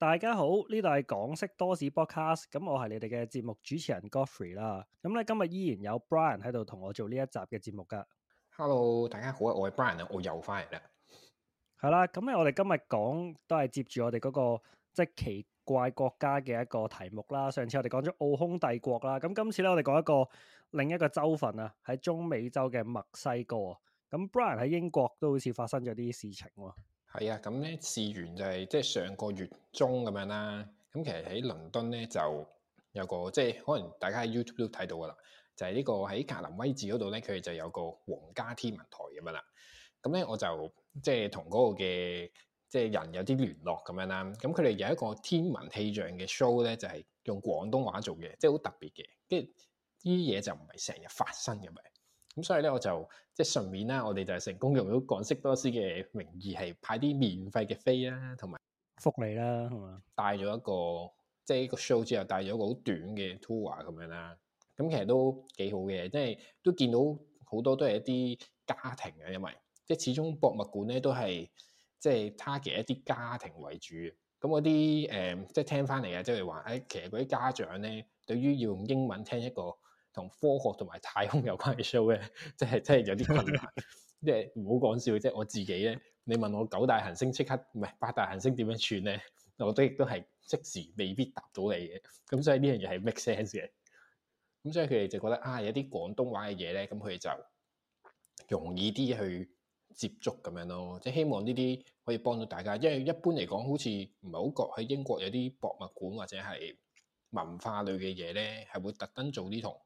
大家好，呢度係港識多史 Podcast 咁我係你哋嘅節目主持人 Godfrey 啦。咁咧今日依然有 Brian 喺度同我做呢一集嘅節目噶。Hello，大家好，我係 Brian 我又翻嚟啦。係啦，咁咧我哋今日講都係接住我哋嗰、那個即係奇怪國家嘅一個題目啦。上次我哋講咗奧匈帝國啦，咁今次咧我哋講一個另一個州份啊，喺中美洲嘅墨西哥。咁 Brian 喺英國都好似發生咗啲事情喎、啊。係啊，咁咧事緣就係即係上個月中咁樣啦。咁其實喺倫敦咧就有個即係可能大家喺 YouTube 都睇到噶啦，就係呢個喺格林威治嗰度咧，佢就有個皇家天文台咁樣啦。咁咧我就即係同嗰個嘅即係人有啲聯絡咁樣啦。咁佢哋有一個天文氣象嘅 show 咧，就係用廣東話做嘅，即係好特別嘅。跟住啲嘢就唔係成日發生嘅。咁所以咧，我就即係順便啦，我哋就成功用咗港識多史嘅名義，係派啲免費嘅飛啦，同埋福利啦，係嘛？帶咗一個即係一個 show 之後帶一 our，帶咗個好短嘅 tour 咁樣啦。咁其實都幾好嘅，即係都見到好多都係一啲家庭啊，因為即係始終博物館咧都係即係 target 一啲家庭為主。咁嗰啲誒即係聽翻嚟啊，即係話誒，其實嗰啲家長咧對於要用英文聽一個。同科學同埋太空有關嘅 show 咧， 即係即係有啲困難，即係唔好講笑即係我自己咧，你問我九大行星即刻唔係八大行星點樣轉咧，我覺得亦都係即時未必答到你嘅。咁所以呢樣嘢係 make sense 嘅。咁所以佢哋就覺得啊，有啲廣東話嘅嘢咧，咁佢哋就容易啲去接觸咁樣咯。即係希望呢啲可以幫到大家，因為一般嚟講，好似唔係好覺喺英國有啲博物館或者係文化類嘅嘢咧，係會特登做啲同。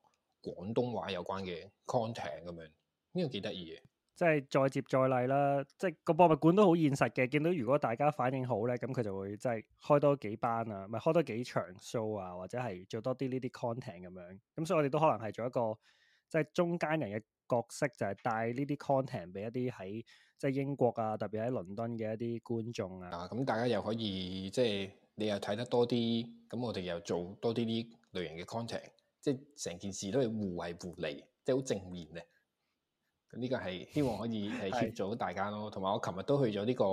廣東話有關嘅 content 咁樣，呢個幾得意嘅。即係再接再厲啦，即係個博物館都好現實嘅。見到如果大家反應好咧，咁佢就會即係開多幾班啊，咪開多幾場 show 啊，或者係做多啲呢啲 content 咁樣。咁所以我哋都可能係做一個即係中間人嘅角色，就係帶呢啲 content 俾一啲喺即係英國啊，特別喺倫敦嘅一啲觀眾啊。咁、啊、大家又可以即係你又睇得多啲，咁我哋又做多啲呢類型嘅 content。即係成件事都係互為互利，即係好正面嘅。咁、這、呢個係希望可以係協助到大家咯。同埋 是我琴日都去咗呢個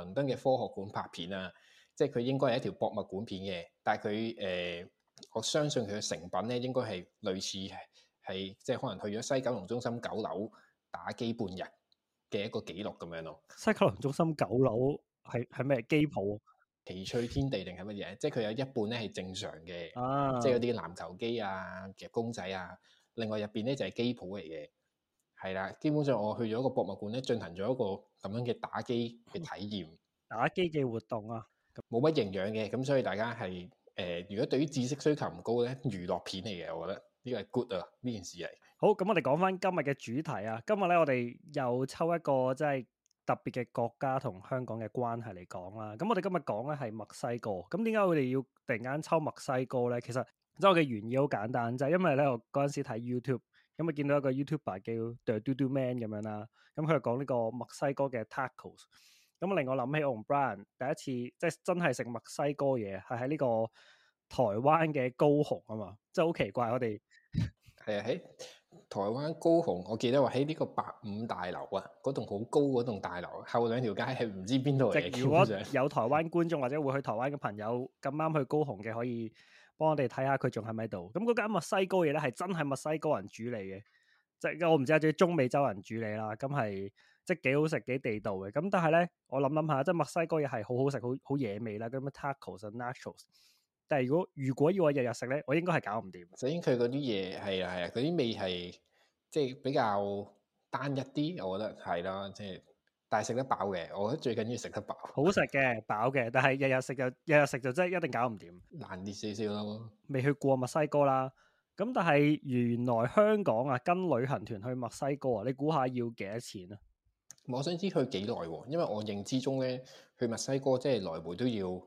倫敦嘅科學館拍片啊，即係佢應該係一條博物館片嘅，但係佢誒我相信佢嘅成品咧應該係類似係即係可能去咗西九龍中心九樓打機半日嘅一個紀錄咁樣咯。西九龍中心九樓係係咩機鋪？奇趣天地定係乜嘢？即係佢有一半咧係正常嘅，即係嗰啲籃球機啊、嘅、啊、公仔啊。另外入邊咧就係、是、機鋪嚟嘅，係啦。基本上我去咗個博物館咧，進行咗一個咁樣嘅打機嘅體驗。打機嘅活動啊，冇乜營養嘅，咁所以大家係誒、呃，如果對於知識需求唔高咧，娛樂片嚟嘅，我覺得呢個係 good 啊，呢件事嚟好，咁我哋講翻今日嘅主題啊。今日咧我哋又抽一個即係。特別嘅國家同香港嘅關係嚟講啦，咁我哋今日講咧係墨西哥。咁點解我哋要突然間抽墨西哥咧？其實即係我嘅原意好簡單，就係因為咧我嗰陣時睇 YouTube 咁、嗯、啊，見到一個 YouTuber 叫 The Doodoo Man 咁樣啦，咁佢就講呢個墨西哥嘅 tacos、嗯。咁令我諗起我同 Brian 第一次即係、就是、真係食墨西哥嘢，係喺呢個台灣嘅高雄啊嘛，即係好奇怪我哋係啊嘿！台灣高雄，我記得話喺呢個八五大樓啊，嗰棟好高嗰棟大樓後兩條街係唔知邊度嚟。如果有台灣觀眾或者會去台灣嘅朋友咁啱去高雄嘅，可以幫我哋睇下佢仲喺咪度？咁嗰間墨西哥嘢咧係真係墨西哥人煮嚟嘅，即係我唔知係啲中美洲人煮嚟啦。咁係即係幾好食幾地道嘅。咁但係咧，我諗諗下，即係墨西哥嘢係好好食好好野味啦。咁 tacos and nachos。但係如果如果要我日日食咧，我應該係搞唔掂。首先佢嗰啲嘢係啊，係啊，嗰啲味係即係比較單一啲，我覺得係啦，啊，即係但係食得飽嘅，我覺得最緊要食得飽。好食嘅，飽嘅，但係日日食就日日食就真係一定搞唔掂，難啲少少咯。未去過墨西哥啦，咁但係原來香港啊，跟旅行團去墨西哥啊，你估下要幾多錢啊？我想知去幾耐，因為我認知中咧去墨西哥即係來回都要。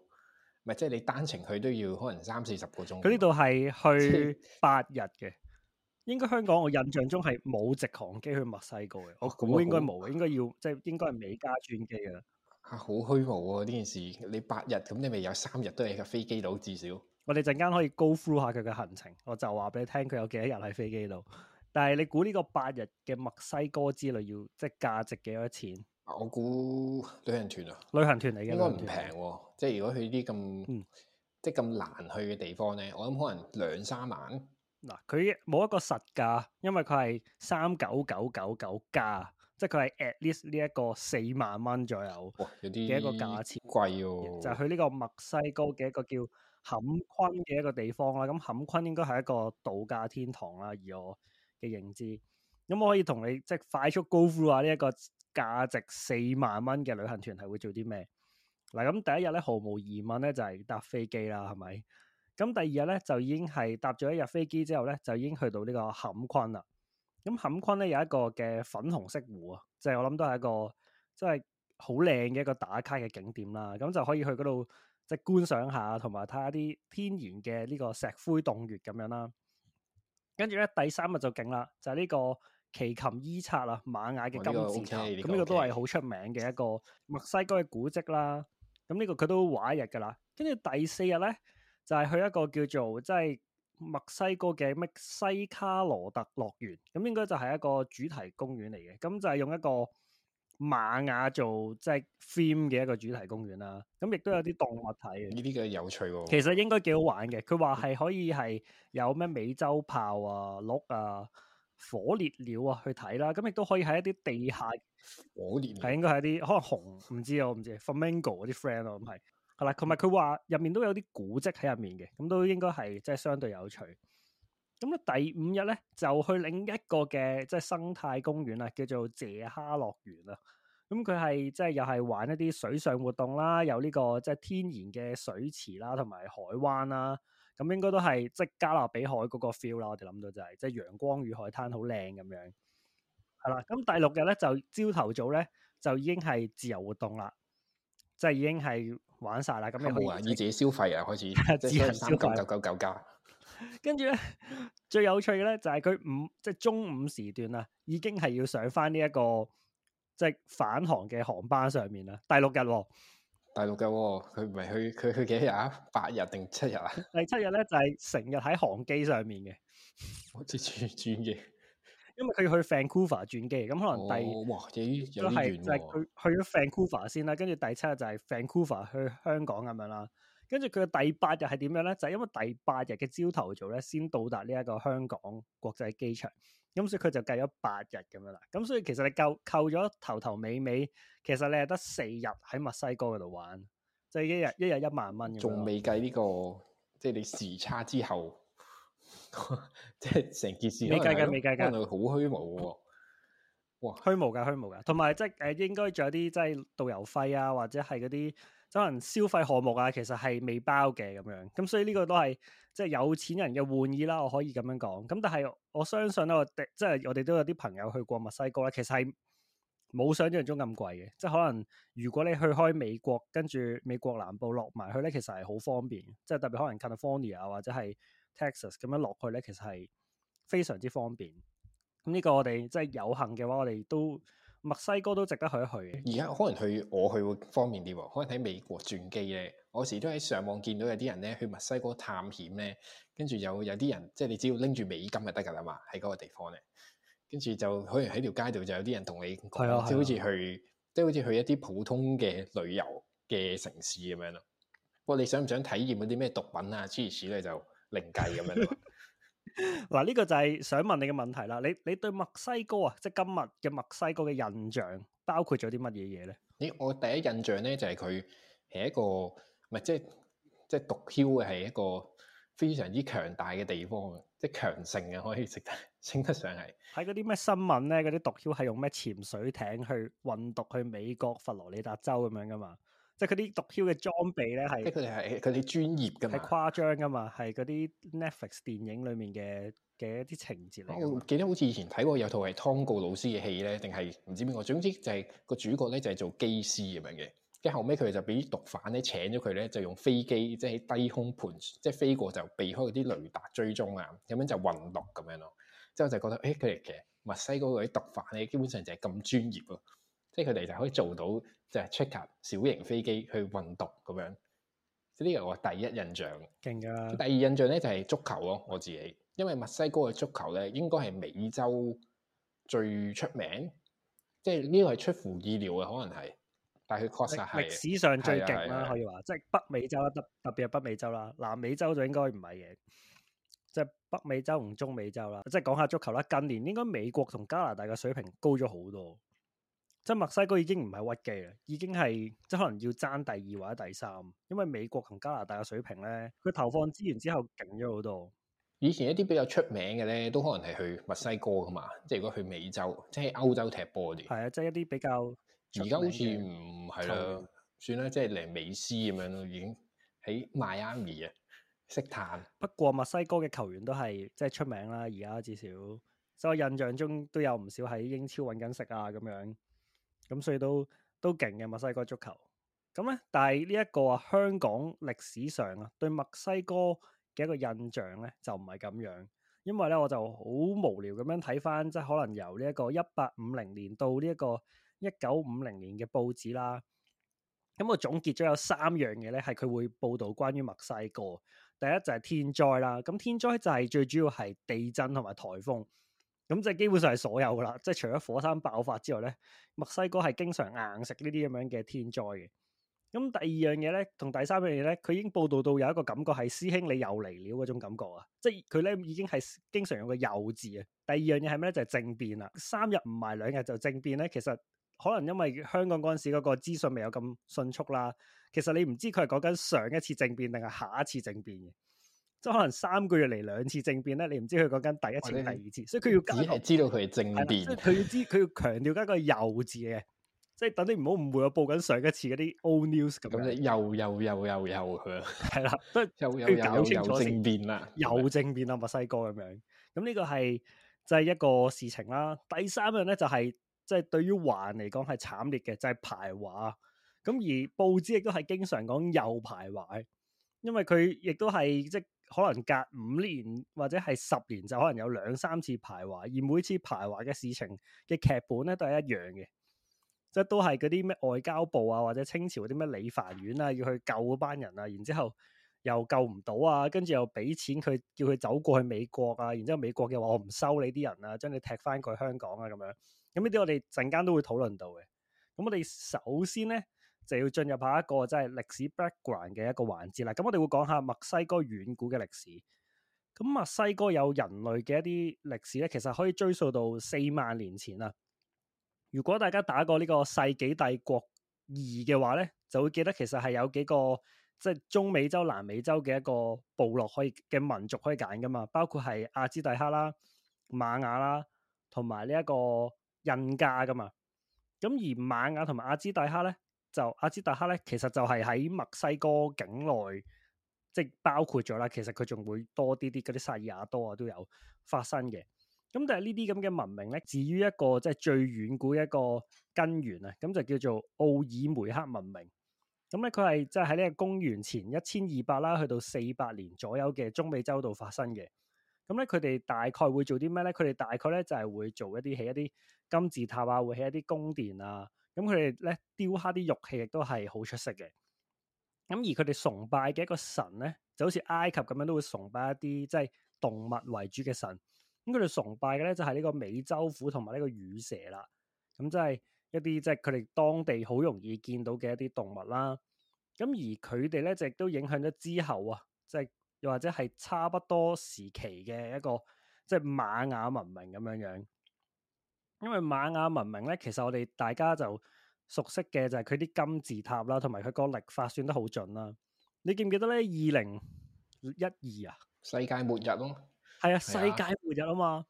咪即係你單程去都要可能三四十個鐘。佢呢度係去八日嘅， 應該香港我印象中係冇直航機去墨西哥嘅。哦、我估應該冇、啊，應該要即係應該係美加轉機啊。好虛無啊！呢件事你八日咁，你咪有三日都喺個飛機度至少。我哋陣間可以 go through 下佢嘅行程，我就話俾你聽，佢有幾多日喺飛機度。但係你估呢個八日嘅墨西哥之旅要即係價值幾多錢？我估旅行團啊，旅行團嚟嘅應該唔平喎，即係如果去啲咁、嗯、即係咁難去嘅地方咧，我諗可能兩三萬。嗱，佢冇一個實價，因為佢係三九九九九加，即係佢係 at least 呢一個四萬蚊左右嘅一個價錢，貴喎、啊。就係去呢個墨西哥嘅一個叫坎昆嘅一個地方啦，咁坎昆應該係一個度假天堂啦，而我嘅認知。咁我可以同你即係快速 go through 下呢、這、一個。價值四萬蚊嘅旅行團係會做啲咩？嗱，咁第一日咧，毫無疑問咧就係搭飛機啦，係咪？咁第二日咧，就已經係搭咗一日飛機之後咧，就已經去到呢個坎昆啦。咁坎昆咧有一個嘅粉紅色湖啊，即係我諗都係一個即係好靚嘅一個打卡嘅景點啦。咁就可以去嗰度即係觀賞下，同埋睇下啲天然嘅呢個石灰洞穴咁樣啦。跟住咧，第三日就勁啦，就係呢個。奇琴伊察啦，瑪雅嘅金字塔，咁呢、哦這個都係好出名嘅一個墨西哥嘅古蹟啦。咁呢 個佢都玩一日噶啦。跟住第四日咧，就係、是、去一個叫做即係、就是、墨西哥嘅咩西卡羅特樂園，咁應該就係一個主題公園嚟嘅。咁就係用一個瑪雅做即係 theme 嘅一個主題公園啦。咁亦都有啲動物睇嘅。呢啲嘅有趣喎。其實應該幾好玩嘅，佢話係可以係有咩美洲豹啊、鹿啊。火烈鳥啊，去睇啦，咁亦都可以喺一啲地下火烈係應該係一啲可能紅，唔知啊，我唔知，flamingo 嗰啲 friend 咯，咁係， 係啦，同埋佢話入面都有啲古蹟喺入面嘅，咁都應該係即係相對有趣。咁咧第五日咧就去另一個嘅即係生態公園啦，叫做謝哈樂園啦。咁佢係即係又係玩一啲水上活動啦，有呢、這個即係、就是、天然嘅水池啦，同埋海灣啦。咁應該都係即係加勒比海嗰個 feel 啦，我哋諗到就係、是、即係陽光與海灘好靚咁樣，係啦。咁第六日咧就朝頭早咧就已經係自由活動啦，即係已經係玩晒啦。咁你冇啊？你自己消費啊，開始 自行三九九九九加。跟住咧，最有趣嘅咧就係佢五即係中午時段啊，已經係要上翻呢一個即係返航嘅航班上面啦。第六日。第六日喎，佢唔係去，佢去幾日啊？八日定七日啊？第七日咧就係成日喺航機上面嘅，我知轉轉嘅，因為佢要去 Vancouver 轉機，咁、嗯、可能第、哦、哇，都係就係去去咗 Vancouver 先啦，跟住第七日就係 Vancouver 去香港咁樣啦，跟住佢嘅第八日係點樣咧？就係、是、因為第八日嘅朝頭早咧，先到達呢一個香港國際機場。咁所以佢就計咗八日咁樣啦，咁所以其實你扣扣咗頭頭尾尾，其實你係得四日喺墨西哥嗰度玩，即係一日一日一萬蚊。仲未計呢個，即係你時差之後，即係成件事未計計未計計，好虛無，哇！虛無噶虛無噶，同埋即係誒，應該仲有啲即係導遊費啊，或者係嗰啲。可能消費項目啊，其實係未包嘅咁樣，咁所以呢個都係即係有錢人嘅玩意啦，我可以咁樣講。咁但係我相信咧、啊，我哋即係我哋都有啲朋友去過墨西哥咧，其實係冇想象中咁貴嘅。即係可能如果你去開美國，跟住美國南部落埋去咧，其實係好方便。即係特別可能 California 或者係 Texas 咁樣落去咧，其實係非常之方便。咁呢個我哋即係有幸嘅話，我哋都。墨西哥都值得去一去。而家可能去我去會方便啲，可能喺美國轉機咧。我有時都喺上網見到有啲人咧去墨西哥探險咧，跟住有有啲人即係、就是、你只要拎住美金就得噶啦嘛。喺嗰個地方咧，跟住就可能喺條街度就有啲人同你，即係、嗯、好似去，即係好似去一啲普通嘅旅遊嘅城市咁樣咯。不過你想唔想體驗嗰啲咩毒品啊？諸如此類就另計咁樣。 嗱，呢個就係想問你嘅問題啦。你你對墨西哥啊，即係今日嘅墨西哥嘅印象，包括咗啲乜嘢嘢咧？咦，我第一印象咧就係佢係一個唔係即係即係毒梟嘅係一個非常之強大嘅地方，即係強盛嘅可以食得稱得上係喺嗰啲咩新聞咧？嗰啲毒梟係用咩潛水艇去運毒去美國佛羅里達州咁樣噶嘛？即係嗰啲毒梟嘅裝備咧，係即佢哋係佢哋專業㗎嘛，係誇張㗎嘛，係嗰啲 Netflix 電影裡面嘅嘅一啲情節嚟。我記得好似以前睇過有套係湯告魯斯嘅戲咧，定係唔知邊個。總之就係個主角咧就係做機師咁樣嘅，跟住後尾，佢哋就俾毒販咧請咗佢咧，就用飛機即係低空盤，即係飛過就避開嗰啲雷達追蹤啊，咁樣就運毒咁樣咯。之後就覺得誒佢哋嘅墨西哥嗰啲毒販咧，基本上就係咁專業咯！即係佢哋就可以做到，即係 c h e c k u 小型飛機去運毒咁樣。呢個我第一印象，勁噶。第二印象咧就係、是、足球咯，我自己，因為墨西哥嘅足球咧，應該係美洲最出名，即係呢、這個係出乎意料嘅，可能係。但係佢確實係歷史上最勁啦，可以話，即、就、係、是、北美洲啦，特特別係北美洲啦，南美洲就應該唔係嘅，即、就、係、是、北美洲同中美洲啦，即、就、係、是、講下足球啦。近年應該美國同加拿大嘅水平高咗好多。即係墨西哥已經唔係屈機啦，已經係即係可能要爭第二或者第三，因為美國同加拿大嘅水平咧，佢投放資源之後勁咗好多。以前一啲比較出名嘅咧，都可能係去墨西哥噶嘛，即係如果去美洲，即係歐洲踢波嗰啲。係啊，即係一啲比較，而家好似唔係啦，算啦，即係嚟美斯咁樣咯，已經喺邁阿密啊，識嘆。 不過墨西哥嘅球員都係即係出名啦，而家至少，所以我印象中都有唔少喺英超揾緊食啊，咁樣。咁所以都都勁嘅墨西哥足球，咁咧，但係呢一個啊香港歷史上啊對墨西哥嘅一個印象咧就唔係咁樣，因為咧我就好無聊咁樣睇返即係可能由呢一個一八五零年到呢一個一九五零年嘅報紙啦，咁、嗯、我總結咗有三樣嘢咧係佢會報導關於墨西哥，第一就係天災啦，咁天災就係、是、最主要係地震同埋颱風。咁即係基本上係所有噶啦，即係除咗火山爆發之外咧，墨西哥係經常硬食呢啲咁樣嘅天災嘅。咁第二樣嘢咧，同第三樣嘢咧，佢已經報道到有一個感覺係師兄你又嚟了嗰種感覺啊！即係佢咧已經係經常用個“又”字啊。第二樣嘢係咩咧？就係政變啦。三日唔埋兩日就政變咧，其實可能因為香港嗰陣時嗰個資訊未有咁迅速啦。其實你唔知佢係講緊上一次政變定係下一次政變嘅。即係可能三個月嚟兩次政變咧，你唔知佢講緊第一次、定哇第二次，所以佢要只係知道佢係政變，佢要知佢要強調緊個又字嘅，即、就、係、是、等你唔好誤會我報緊上一次嗰啲 old news 咁樣又，又又又又又。佢係啦，都要搞清楚有政變啦，又政變啊，墨西哥咁樣，咁、嗯、呢個係就係一個事情啦。第三樣咧就係即係對於華人嚟講係慘烈嘅，就係、是就是、排華。咁而報紙亦都係經常講又排華，因為佢亦都係即可能隔五年或者係十年就可能有兩三次排華，而每次排華嘅事情嘅劇本咧都係一樣嘅，即係都係嗰啲咩外交部啊或者清朝啲咩理藩院啊要去救嗰班人啊，然之後又救唔到啊，跟住又俾錢佢叫佢走過去美國啊，然之後美國嘅話我唔收你啲人啊，將你踢翻過去香港啊咁樣，咁呢啲我哋陣間都會討論到嘅。咁我哋首先咧。就要進入下一個即係歷史 background 嘅一個環節啦。咁我哋會講下墨西哥遠古嘅歷史。咁墨西哥有人類嘅一啲歷史咧，其實可以追溯到四萬年前啦。如果大家打過呢個《世紀帝國二》嘅話咧，就會記得其實係有幾個即係、就是、中美洲、南美洲嘅一個部落可以嘅民族可以揀噶嘛，包括係阿茲特克啦、瑪雅啦，同埋呢一個印加噶嘛。咁而瑪雅同埋阿茲特克咧。就阿茲特克咧，其實就係喺墨西哥境內，即係包括咗啦。其實佢仲會多啲啲嗰啲薩爾亞多啊，都有發生嘅。咁但係呢啲咁嘅文明咧，至於一個即係最遠古一個根源啊，咁就叫做奧爾梅克文明。咁咧佢係即係喺呢、就是、個公元前一千二百啦，去到四百年左右嘅中美洲度發生嘅。咁咧佢哋大概會做啲咩咧？佢哋大概咧就係、是、會做一啲起一啲金字塔啊，會起一啲宮殿啊。咁佢哋咧雕刻啲玉器亦都係好出色嘅。咁而佢哋崇拜嘅一個神咧，就好似埃及咁樣，都會崇拜一啲即係動物為主嘅神。咁佢哋崇拜嘅咧就係呢個美洲虎同埋呢個羽蛇啦。咁即係一啲即係佢哋當地好容易見到嘅一啲動物啦。咁而佢哋咧就亦都影響咗之後啊，即係又或者係差唔多時期嘅一個即係瑪雅文明咁樣樣。因為瑪雅文明咧，其實我哋大家就熟悉嘅就係佢啲金字塔啦，同埋佢個曆法算得好準啦、啊。你記唔記得咧？二零一二啊，世界末日咯。係啊，世界末日啊嘛，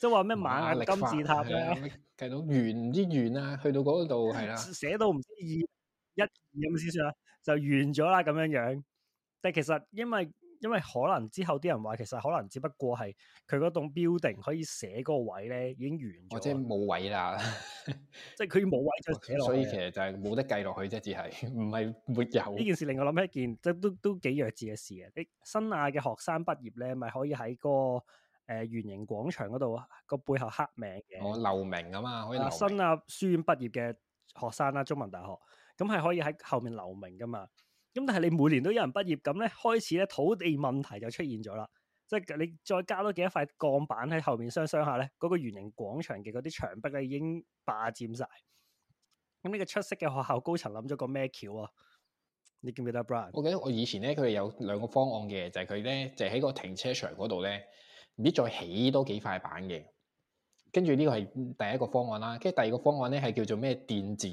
即係話咩瑪雅金字塔啊，計到完啲知完啦、啊，去到嗰度係啦，寫、啊、到唔知二一二咁先算啦、啊，就完咗啦咁樣樣。但係其實因為。因為可能之後啲人話，其實可能只不過係佢嗰棟 building 可以寫嗰個位咧，已經完咗， 即係冇位啦，即係佢冇位，所以其實就係冇得計落去啫，只係唔係沒有呢件事令我諗起一件即都都幾弱智嘅事啊！你新亞嘅學生畢業咧，咪可以喺個誒圓形廣場嗰度個背後刻名嘅，我留名啊嘛，可以新亞書院畢業嘅學生啦，中文大學咁係可以喺後面留名噶嘛。咁但係你每年都有人畢業，咁咧開始咧土地問題就出現咗啦。即係你再加多幾塊鋼板喺後面雙雙下咧，嗰個圓形廣場嘅嗰啲牆壁咧已經霸佔晒。咁呢個出色嘅學校高層諗咗個咩橋啊？你記唔記得，Brian？我記得我以前咧，佢哋有兩個方案嘅，就係佢咧就喺個停車場嗰度咧，唔知再起多幾塊板嘅。跟住呢個係第一個方案啦，跟住第二個方案咧係叫做咩電子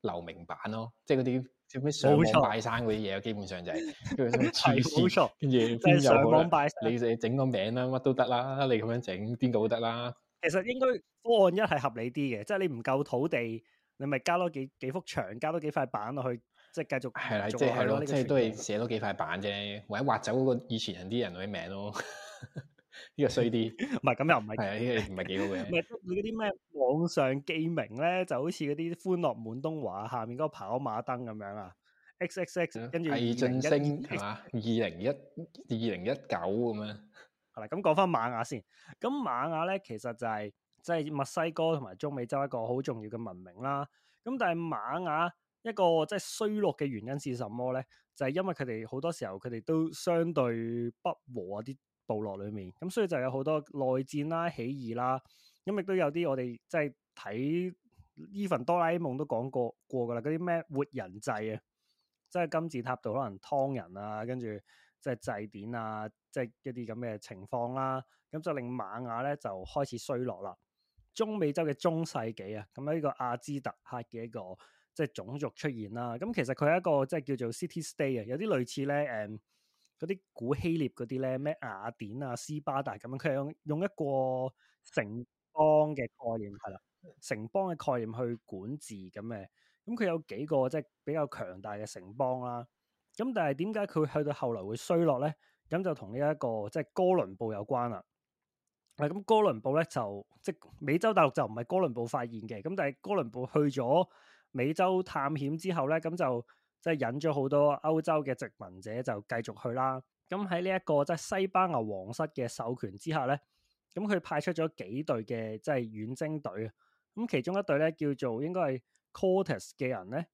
留名板咯，即係嗰啲。做咩拜山嗰啲嘢，錯基本上就係，跟住， 上網拜山啦，你你整個名啦，乜都得啦，你咁樣整邊度都得啦。其實應該方案一係合理啲嘅，即係你唔夠土地，你咪加多幾幾幅牆，加多幾塊板落去，即係繼續係啦，即係係咯，即係都係寫多幾塊板啫，或者挖走嗰個以前人啲人嗰啲名咯。 呢個衰啲，唔係咁又唔係，唔係幾好嘅。唔係嗰啲咩網上記名咧，就好似嗰啲歡樂滿東華下面嗰個跑馬燈咁樣啊，XXX，跟住二進星，係嘛，二零一二零一九咁樣。係啦的，咁講返瑪雅先。咁瑪雅咧，其實就係即係墨西哥同埋中美洲一個好重要嘅文明啦。咁但係瑪雅一個即係、就是、衰落嘅原因是什麼咧？就係、是、因為佢哋好多時候佢哋都相對不和啲。部落裏面咁，所以就有好多內戰啦、啊、起義啦、啊，咁亦都有啲我哋即係睇伊份《哆啦 A 夢》都講過過噶啦，嗰啲咩活人祭啊，即、就、係、是、金字塔度可能劏人啊，跟住即係祭典啊，即、就、係、是、一啲咁嘅情況啦、啊，咁就令瑪雅咧就開始衰落啦。中美洲嘅中世紀啊，咁喺呢個阿茲特克嘅一個即係種族出現啦、啊，咁其實佢係一個即係叫做 City State 有啲類似咧誒。嗯嗰啲古希臘嗰啲咧，咩雅典啊、斯巴達咁樣，佢係用用一個城邦嘅概念，係啦，城邦嘅概念去管治咁嘅，咁佢有幾個即係、就是、比較強大嘅城邦啦、啊，咁但係點解佢去到後來會衰落咧？咁就同呢一個即係、就是、哥倫布有關啦。嗱，咁哥倫布咧就即係美洲大陸就唔係哥倫布發現嘅，咁但係哥倫布去咗美洲探險之後咧，咁就。即係引咗好多歐洲嘅殖民者就繼續去啦。咁喺呢一個即係西班牙皇室嘅授權之下咧，咁佢派出咗幾隊嘅即係遠征隊啊。咁其中一隊咧叫做應該係 Cortes 嘅人咧，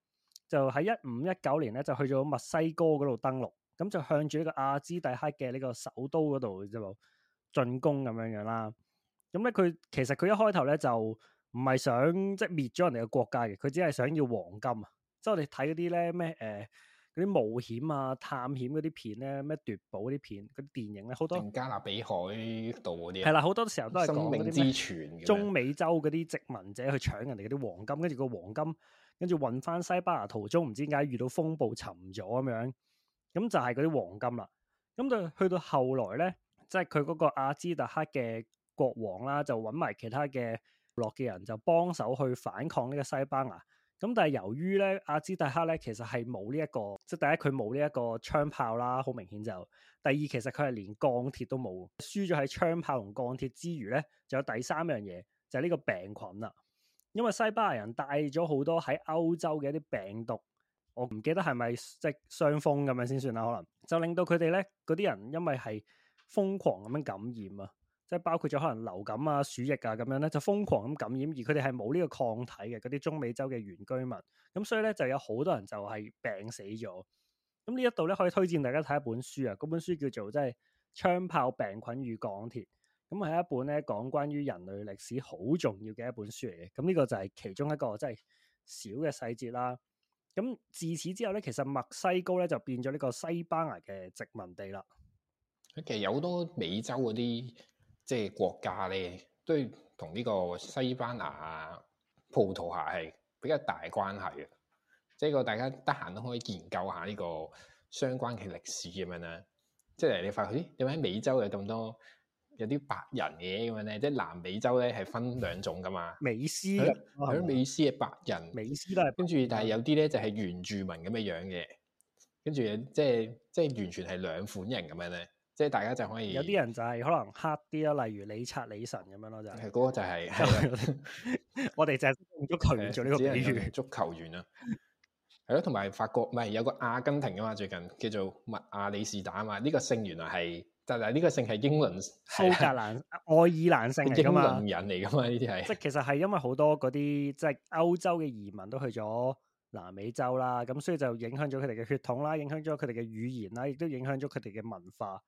就喺一五一九年咧就去咗墨西哥嗰度登陸，咁就向住呢個阿茲特克嘅呢個首都嗰度就進攻咁樣樣啦。咁咧佢其實佢一開頭咧就唔係想即係滅咗人哋嘅國家嘅，佢只係想要黃金啊。即係我哋睇嗰啲咧咩？誒嗰啲冒險啊、探險嗰啲片咧，咩奪寶嗰啲片、嗰啲電影咧，好多。加勒比海盜啲啊。係啦，好多時候都係講嗰啲咩？生命之泉？中美洲嗰啲殖民者去搶人哋嗰啲黃金，跟住個黃金跟住運翻西班牙途中，唔知點解遇到風暴沉咗咁樣，咁就係嗰啲黃金啦。咁就去到後來咧，即係佢嗰個阿茲特克嘅國王啦，就揾埋其他嘅落嘅人，就幫手去反抗呢個西班牙。咁但係由於咧，阿茲特克咧其實係冇呢一個，即第一佢冇呢一個槍炮啦，好明顯就；第二其實佢係連鋼鐵都冇，輸咗喺槍炮同鋼鐵之餘咧，就有第三樣嘢就係、是、呢個病菌啦。因為西班牙人帶咗好多喺歐洲嘅一啲病毒，我唔記得係咪即傷風咁樣先算啦，可能就令到佢哋咧嗰啲人因為係瘋狂咁樣感染啊。即係包括咗可能流感啊、鼠疫啊咁樣咧，就瘋狂咁感染，而佢哋係冇呢個抗體嘅嗰啲中美洲嘅原居民，咁所以咧就有好多人就係病死咗。咁呢一度咧可以推薦大家睇一本書啊，嗰本書叫做即係《槍炮、病菌與鋼鐵》，咁係一本咧講關於人類歷史好重要嘅一本書嚟嘅。咁呢個就係其中一個即係小嘅細節啦。咁自此之後咧，其實墨西哥咧就變咗呢個西班牙嘅殖民地啦。其實有好多美洲嗰啲。即係國家咧，都同呢個西班牙啊、葡萄牙係比較大關係嘅。即係個大家得閒都可以研究下呢個相關嘅歷史咁樣咧。即係你發覺，咦？點解喺美洲有咁多有啲白人嘅咁樣咧？即係南美洲咧係分兩種噶嘛？美斯啊，係咯，美斯係白人，美斯都係。跟住但係有啲咧就係、是、原住民咁嘅樣嘅，跟住即係即係完全係兩款人咁樣咧。即係大家就可以有啲人就係可能黑啲咯，例如李察李晨咁樣咯，就係嗰個就係、是。 我哋就用足球員做呢個比喻，足球員啊，係咯，同埋法國咪有個阿根廷啊嘛，最近叫做麥阿里士打啊嘛，呢、呢個姓原來係，就係呢個姓係英倫蘇格蘭愛 爾蘭姓嚟噶嘛，英國人嚟噶嘛呢啲係。即係其實係因為好多嗰啲即係歐洲嘅移民都去咗南美洲啦，咁 所以就影響咗佢哋嘅血統啦，影響咗佢哋嘅語言啦，亦都影響咗佢哋嘅文化。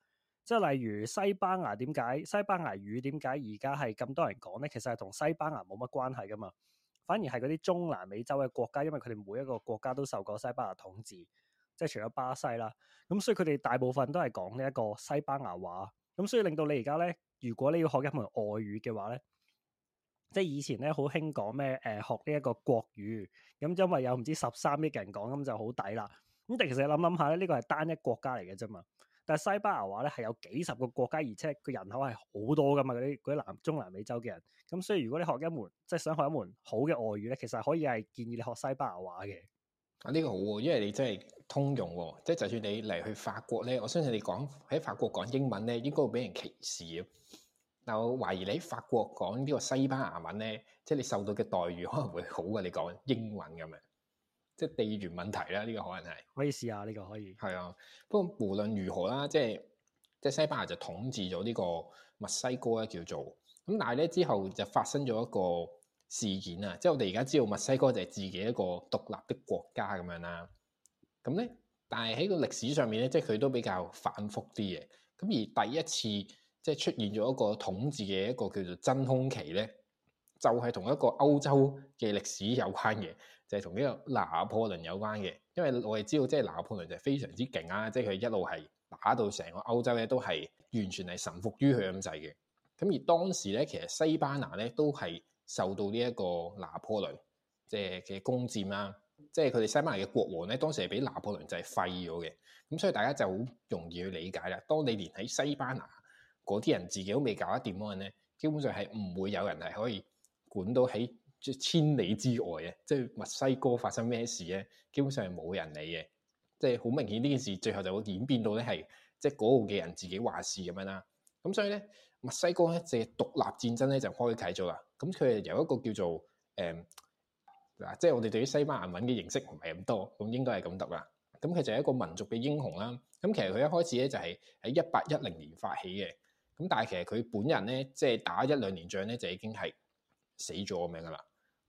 即係例如西班牙點解西班牙語點解而家係咁多人講咧？其實係同西班牙冇乜關係噶嘛，反而係嗰啲中南美洲嘅國家，因為佢哋每一個國家都受過西班牙統治，即係除咗巴西啦，咁所以佢哋大部分都係講呢一個西班牙話，咁所以令到你而家咧，如果你要學一門外語嘅話咧，即係以前咧好興講咩誒學呢一個國語，咁因為有唔知十三億人講，咁就好抵啦。咁但其實你諗諗下咧，呢個係單一國家嚟嘅啫嘛。但係西班牙話咧係有幾十個國家，而且個人口係好多噶嘛。嗰啲啲南中南美洲嘅人，咁所以如果你學一門，即係想學一門好嘅外語咧，其實可以係建議你學西班牙話嘅。啊，呢個好喎，因為你真係通用喎，即係就算你嚟去法國咧，我相信你講喺法國講英文咧，應該會俾人歧視啊。但我懷疑你喺法國講呢個西班牙文咧，即係你受到嘅待遇可能會好過你講英文咁樣。即係地緣問題啦，呢個可能係可以試下呢個可以。係啊，不過無論如何啦，即係即係西班牙就統治咗呢個墨西哥咧，叫做咁。但係咧之後就發生咗一個事件啊，即係我哋而家知道墨西哥就係自己一個獨立的國家咁樣啦。咁咧，但係喺個歷史上面咧，即係佢都比較反覆啲嘅。咁而第一次即係出現咗一個統治嘅一個叫做真空期咧，就係同一個歐洲嘅歷史有關嘅。就係同呢個拿破崙有關嘅，因為我哋知道即係拿破崙就係非常之勁啊！即係佢一路係打到成個歐洲咧，都係完全係臣服於佢咁滯嘅。咁而當時咧，其實西班牙咧都係受到呢一個拿破崙即係嘅攻佔啦。即係佢哋西班牙嘅國王咧，當時係俾拿破崙就係廢咗嘅。咁所以大家就好容易去理解啦。當你連喺西班牙嗰啲人自己都未搞得掂嘅呢，基本上係唔會有人係可以管到喺。即係千里之外啊！即係墨西哥發生咩事咧？基本上係冇人理嘅。即係好明顯呢件事最後就會演變到咧係即係嗰個嘅人自己話事咁樣啦。咁所以咧，墨西哥咧即係獨立戰爭咧就開啟咗啦。咁佢係由一個叫做誒嗱、嗯，即係我哋對於西班牙文嘅認識唔係咁多，咁應該係咁讀啦。咁佢就係一個民族嘅英雄啦。咁其實佢一開始咧就係喺一八一零年發起嘅。咁但係其實佢本人咧即係打一兩年仗咧就已經係死咗咁樣噶啦。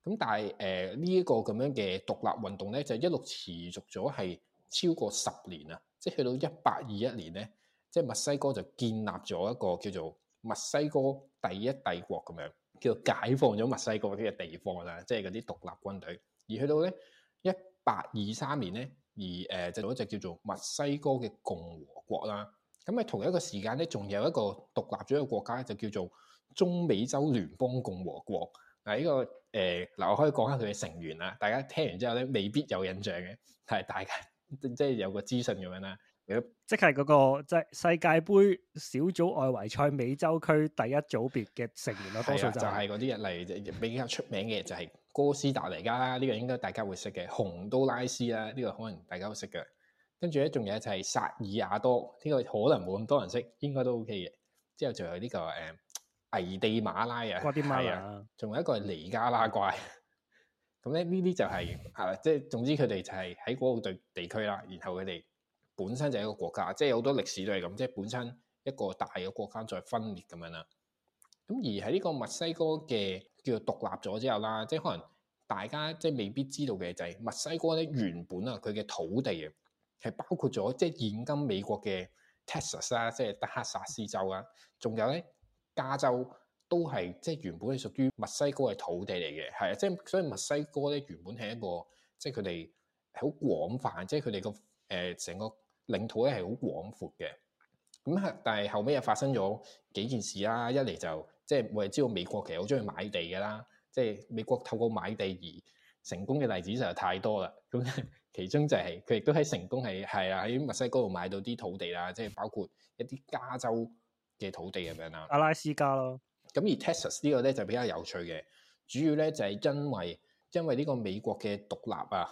咁但係誒、呃這個、呢一個咁樣嘅獨立運動咧，就一路持續咗係超過十年啦。即係去到一八二一年咧，即係墨西哥就建立咗一個叫做墨西哥第一帝國咁樣，叫做解放咗墨西哥啲嘅地方啦，即係嗰啲獨立軍隊。而去到咧一八二三年咧，而誒、呃、就一隻叫做墨西哥嘅共和國啦。咁喺同一個時間咧，仲有一個獨立咗一個國家，就叫做中美洲聯邦共和國嗱。呢、這個誒，嗱、呃，我可以講下佢嘅成員啦。大家聽完之後咧，未必有印象嘅，但係大家即係有個資訊咁樣啦。即係嗰、那個即係、就是、世界盃小組外圍賽美洲區第一組別嘅成員啦、就是、啊，多數就係嗰啲，例如比較出名嘅就係哥斯達黎加啦。呢、這個應該大家會識嘅。洪都拉斯啦，呢、這個可能大家都識嘅。跟住咧，仲有就係薩爾亞多，呢、這個可能冇咁多人識，應該都 OK 嘅。之後仲有呢個誒。嗯危地馬拉啊，係啊，仲有一個係尼加拉瓜。咁咧呢啲就係、是、啊，即、嗯、係總之佢哋就係喺嗰個地地區啦。然後佢哋本身就係一個國家，即係好多歷史都係咁，即、就、係、是、本身一個大嘅國家再分裂咁樣啦。咁、嗯、而喺呢個墨西哥嘅叫做獨立咗之後啦，即係可能大家即係未必知道嘅就係、是、墨西哥咧原本啊佢嘅土地啊係包括咗即係現今美國嘅 Texas 啦、啊，即係德克薩斯州啊，仲有咧。加州都係即係原本係屬於墨西哥嘅土地嚟嘅，係啊，即係所以墨西哥咧原本係一個即係佢哋係好廣泛，即係佢哋個誒成個領土咧係好廣闊嘅。咁但係後尾又發生咗幾件事啦。一嚟就即係我哋知道美國其實好中意買地㗎啦，即係美國透過買地而成功嘅例子就太多啦。咁其中就係、是、佢亦都喺成功係係啊喺墨西哥度買到啲土地啦，即係包括一啲加州。嘅土地係咪啊？阿拉斯加咯，咁而 Texas 呢個咧就比較有趣嘅，主要咧就係因為因為呢個美國嘅獨立啊，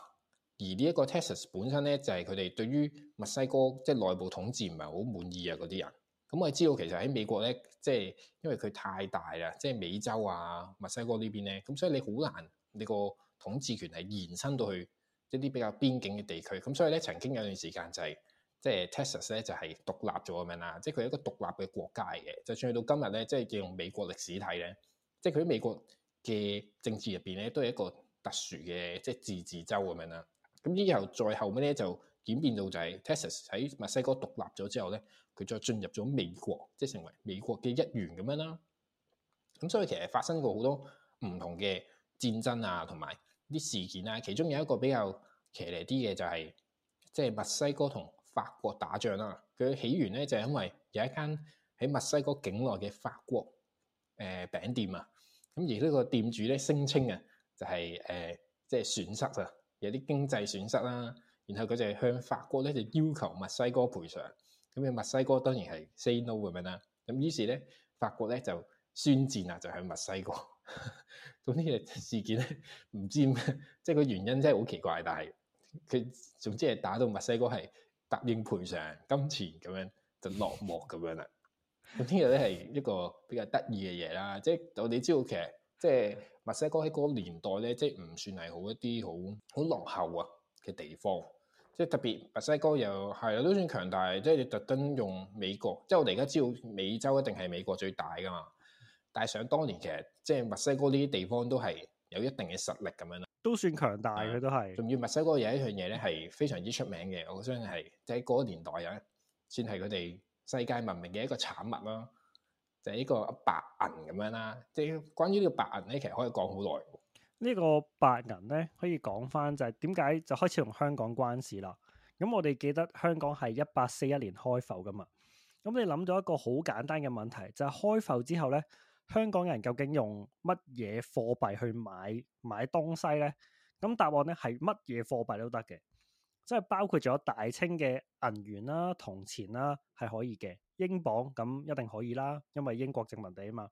而呢一個 Texas 本身咧就係佢哋對於墨西哥即係內部統治唔係好滿意啊嗰啲人，咁我哋知道其實喺美國咧即係因為佢太大啦，即係美洲啊墨西哥呢邊咧，咁所以你好難你個統治權係延伸到去一啲比較邊境嘅地區，咁所以咧曾經有段時間就係。即係 Texas 咧，就係、是、獨立咗咁樣啦。即係佢一個獨立嘅國家嘅，就算去到今日咧，即係用美國歷史睇咧，即係佢喺美國嘅政治入邊咧，都係一個特殊嘅即係自治州咁樣啦。咁之後再後尾咧，就演變到就係 Texas 喺墨西哥獨立咗之後咧，佢再進入咗美國，即係成為美國嘅一員咁樣啦。咁所以其實發生過好多唔同嘅戰爭啊，同埋啲事件啦、啊。其中有一個比較騎呢啲嘅就係即係墨西哥同。法國打仗啦，佢起源咧就係、是、因為有一間喺墨西哥境內嘅法國誒、呃、餅店啊。咁而呢個店主咧聲稱啊、就是，就係誒即係損失啊，有啲經濟損失啦。然後佢就係向法國咧就要求墨西哥賠償。咁嘅墨西哥當然係 say no 咁樣啦。咁於是咧法國咧就宣戰啊，就向墨西哥。總 之事件咧唔知即係個原因真係好奇怪，但係佢總之係打到墨西哥係。答應賠償金錢咁樣就落幕咁樣啦。咁呢個咧係一個比較得意嘅嘢啦。即係我哋知道其實即係墨西哥喺個年代咧，即係唔算係好一啲好好落後啊嘅地方。即係特別墨西哥又係啦，都算強大。即係你特登用美國，即係我哋而家知道美洲一定係美國最大㗎嘛。但係想當年其實即係墨西哥呢啲地方都係有一定嘅實力咁樣啦。都算強大嘅，都係。仲要墨西哥有一樣嘢咧，係非常之出名嘅。我相信係即係嗰個年代有，算係佢哋世界文明嘅一個產物啦。就係呢個白銀咁樣啦，即係關於呢個白銀咧，其實可以講好耐。呢個白銀咧，可以講翻就係點解就開始同香港關事啦。咁我哋記得香港係一八四一年開埠㗎嘛。咁你諗咗一個好簡單嘅問題，就係開埠之後咧。香港人究竟用乜嘢貨幣去買買東西咧？咁答案咧係乜嘢貨幣都得嘅，即係包括咗大清嘅銀元啦、銅錢啦，係可以嘅；英鎊咁一定可以啦，因為英國殖民地啊嘛。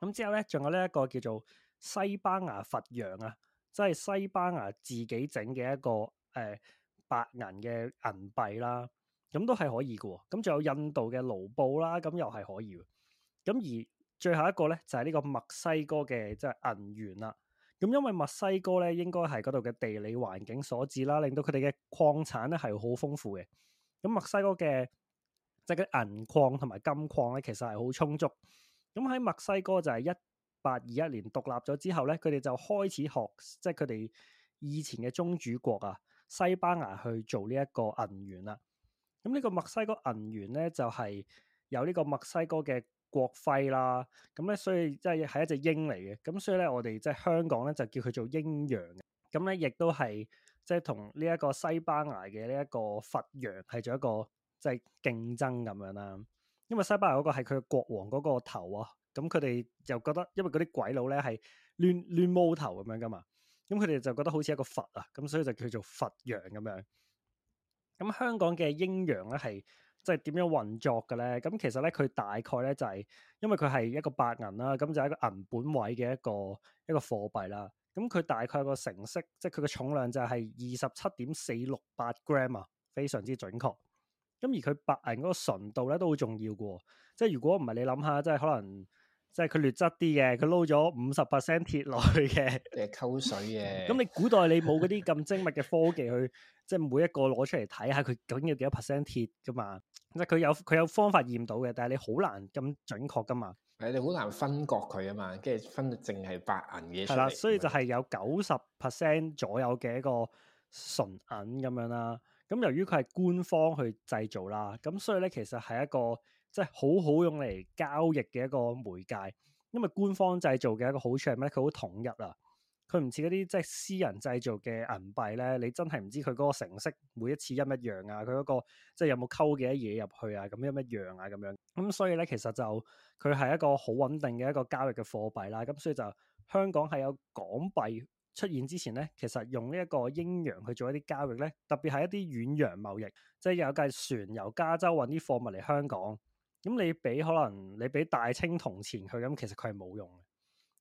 咁之後咧，仲有呢一個叫做西班牙佛洋啊，即係西班牙自己整嘅一個誒、呃、白銀嘅銀幣啦，咁都係可以嘅。咁仲有印度嘅盧布啦，咁又係可以咁而最後一個咧就係、是、呢個墨西哥嘅即係銀元啦。咁、嗯、因為墨西哥咧應該係嗰度嘅地理環境所致啦，令到佢哋嘅礦產咧係好豐富嘅。咁、嗯、墨西哥嘅即係嘅銀礦同埋金礦咧，其實係好充足。咁、嗯、喺墨西哥就係一八二一年獨立咗之後咧，佢哋就開始學即係佢哋以前嘅宗主國啊西班牙去做呢一個銀元啦。咁、嗯、呢、這個墨西哥銀元咧就係、是、有呢個墨西哥嘅。國徽啦，咁咧所以即係係一隻鷹嚟嘅，咁所以咧我哋即係香港咧就叫佢做鷹洋，咁咧亦都係即係同呢一個西班牙嘅呢一個佛洋係做一個即係競爭咁樣啦。因為西班牙嗰個係佢國王嗰個頭啊，咁佢哋又覺得因為嗰啲鬼佬咧係亂亂毛頭咁樣噶嘛，咁佢哋就覺得好似一個佛啊，咁所以就叫做佛洋咁樣。咁香港嘅鷹洋咧係，即係點樣運作嘅咧？咁其實咧，佢大概咧就係因為佢係一個白銀啦，咁就係一個銀本位嘅一個一個貨幣啦。咁佢大概個成色，即係佢嘅重量就係二十七點四六八 gram 啊，非常之準確。咁而佢白銀嗰個純度咧都好重要嘅，即係如果唔係你諗下，即係可能。即係佢劣質啲嘅，佢撈咗五十 percent 鐵落去嘅，誒溝水嘅。咁 你古代你冇嗰啲咁精密嘅科技去， 即係每一個攞出嚟睇下佢究竟要幾多 percent 鐵噶嘛？即係佢有佢有方法驗到嘅，但係你好難咁準確噶嘛。係，你好難分割佢啊嘛，跟住分到淨係白銀嘅。係啦，所以就係有九十 percent 左右嘅一個純銀咁樣啦。咁、嗯、由於佢係官方去製造啦，咁所以咧其實係一個。即係好好用嚟交易嘅一個媒介，因為官方製造嘅一個好處係咩？佢好統一啊，佢唔似嗰啲即係私人製造嘅銀幣咧。你真係唔知佢嗰個成色每一次一唔、啊啊、一樣啊，佢嗰個即係有冇溝幾多嘢入去啊，咁一唔一樣啊咁樣。咁所以咧，其實就佢係一個好穩定嘅一個交易嘅貨幣啦。咁所以就香港係有港幣出現之前咧，其實用呢一個鷹洋去做一啲交易咧，特別係一啲遠洋貿易，即係有架船由加州運啲貨物嚟香港。咁你俾可能你俾大清銅錢佢咁，其實佢係冇用嘅，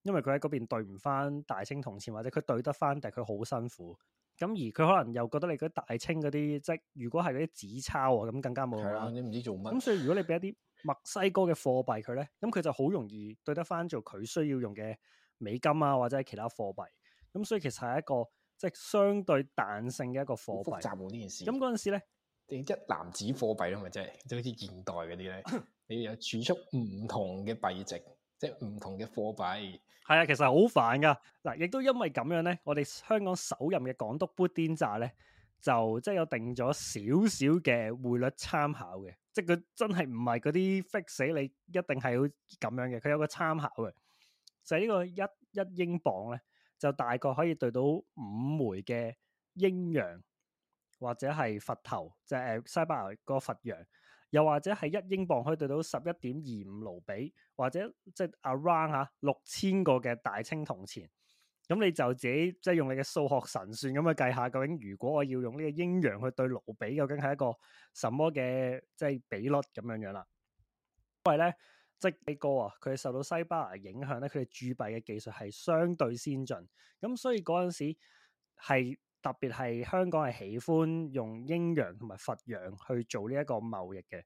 因為佢喺嗰邊兌唔翻大清銅錢，或者佢兌得翻，但係佢好辛苦。咁而佢可能又覺得你嗰啲大清嗰啲即係如果係嗰啲紙鈔啊，咁更加冇用。係啊，你唔知做乜。咁所以如果你俾一啲墨西哥嘅貨幣佢咧，咁佢就好容易兌得翻做佢需要用嘅美金啊，或者係其他貨幣。咁所以其實係一個即係相對彈性嘅一個貨幣。複雜喎呢件事。咁嗰陣時咧，一籃子貨幣啦咪？即係就好似現代嗰啲咧。 你又有儲蓄唔同嘅幣值，即係唔同嘅貨幣。係啊，其實好煩噶。嗱，亦都因為咁樣咧，我哋香港首任嘅港督砵甸乍咧，就即係有定咗少少嘅匯率參考嘅，即係佢真係唔係嗰啲 fix 死你一定係要咁樣嘅，佢有個參考嘅。就係、是、呢個一一英鎊咧，就大概可以兌到五枚嘅英洋，或者係佛頭，就誒、是、西班牙嗰個佛洋。又或者係一英鎊可以兌到十一點二五盧比，或者即係 around 吓六千個嘅大清銅錢。咁你就自己即係、就是、用你嘅數學神算咁去計下，究竟如果我要用呢個鷹洋去兌盧比，究竟係一個什麼嘅即係比率咁樣樣啦。因為咧，即係呢個啊，佢受到西班牙影響咧，佢哋鑄幣嘅技術係相對先進。咁所以嗰陣時係。特別係香港係喜歡用鷹洋同埋佛洋去做呢一個貿易嘅，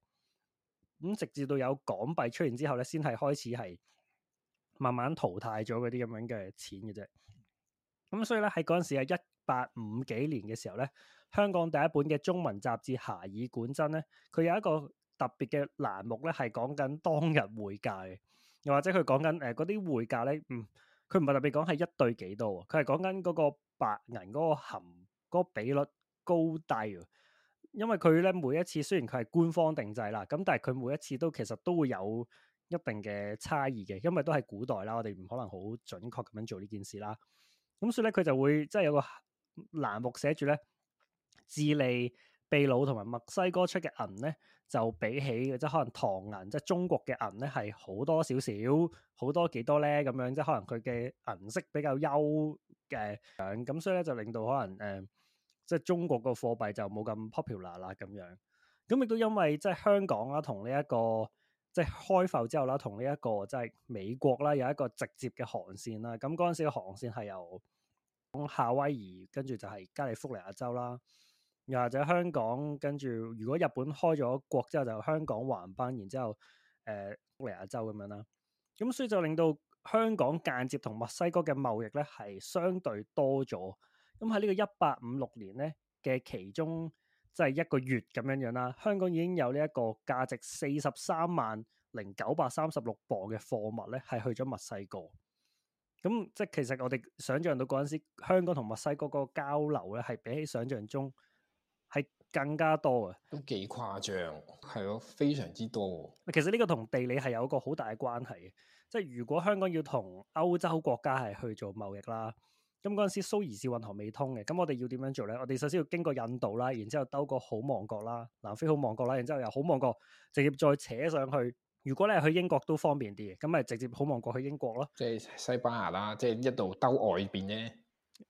咁直至到有港幣出現之後咧，先係開始係慢慢淘汰咗嗰啲咁樣嘅錢嘅啫。咁所以咧，喺嗰陣時係一八五幾年嘅時候咧，香港第一本嘅中文雜誌《遐邇貫珍》咧，佢有一個特別嘅欄目咧，係講緊當日匯價嘅，又或者佢講緊誒嗰啲匯價咧，嗯，佢唔係特別講係一對幾多，佢係講緊嗰個。白銀嗰個含嗰個比率高低，啊，因為佢咧每一次雖然佢係官方定制啦，咁但係佢每一次都其實都會有一定嘅差異嘅，因為都係古代啦，我哋唔可能好準確咁樣做呢件事啦。咁所以咧佢就會即係有個欄目寫住咧智利、秘魯同埋墨西哥出嘅銀咧，就比起即係可能唐銀，即係中國嘅銀咧，係好多，多少少，好多幾多咧咁樣，即係可能佢嘅銀色比較優嘅樣，咁所以咧就令到可能誒、呃，即係中國個貨幣就冇咁 popular 啦咁樣。咁亦都因為即係香港啦，同呢、這、一個即係開埠之後啦，同呢、這、一個即係美國啦有一個直接嘅航線啦。咁嗰陣時嘅航線係由從夏威夷跟住就係加利福尼亞州啦。又或者香港跟住，如果日本開咗國之後，就香港橫班，然之後誒嚟亞洲咁樣啦。咁所以就令到香港間接同墨西哥嘅貿易咧，係相對多咗。咁喺呢個一八五六年咧嘅其中即係一個月咁樣樣啦，香港已經有價 30, 呢一個價值四十三萬零九百三十六鎊嘅貨物咧，係去咗墨西哥。咁即係其實我哋想象到嗰陣時，香港同墨西哥個交流咧，係比起想象中。係更加多啊，都幾誇張。係咯、哦，非常之多。其實呢個同地理係有一個好大嘅關係嘅，即係如果香港要同歐洲國家係去做貿易啦，咁嗰陣時蘇伊士運河未通嘅，咁我哋要點樣做咧？我哋首先要經過印度啦，然之後兜個好望角啦，南非好望角啦，然之後又好望角，直接再扯上去。如果你係去英國都方便啲，咁咪直接好望角去英國咯。即係西班牙啦，即係一路兜外邊啫。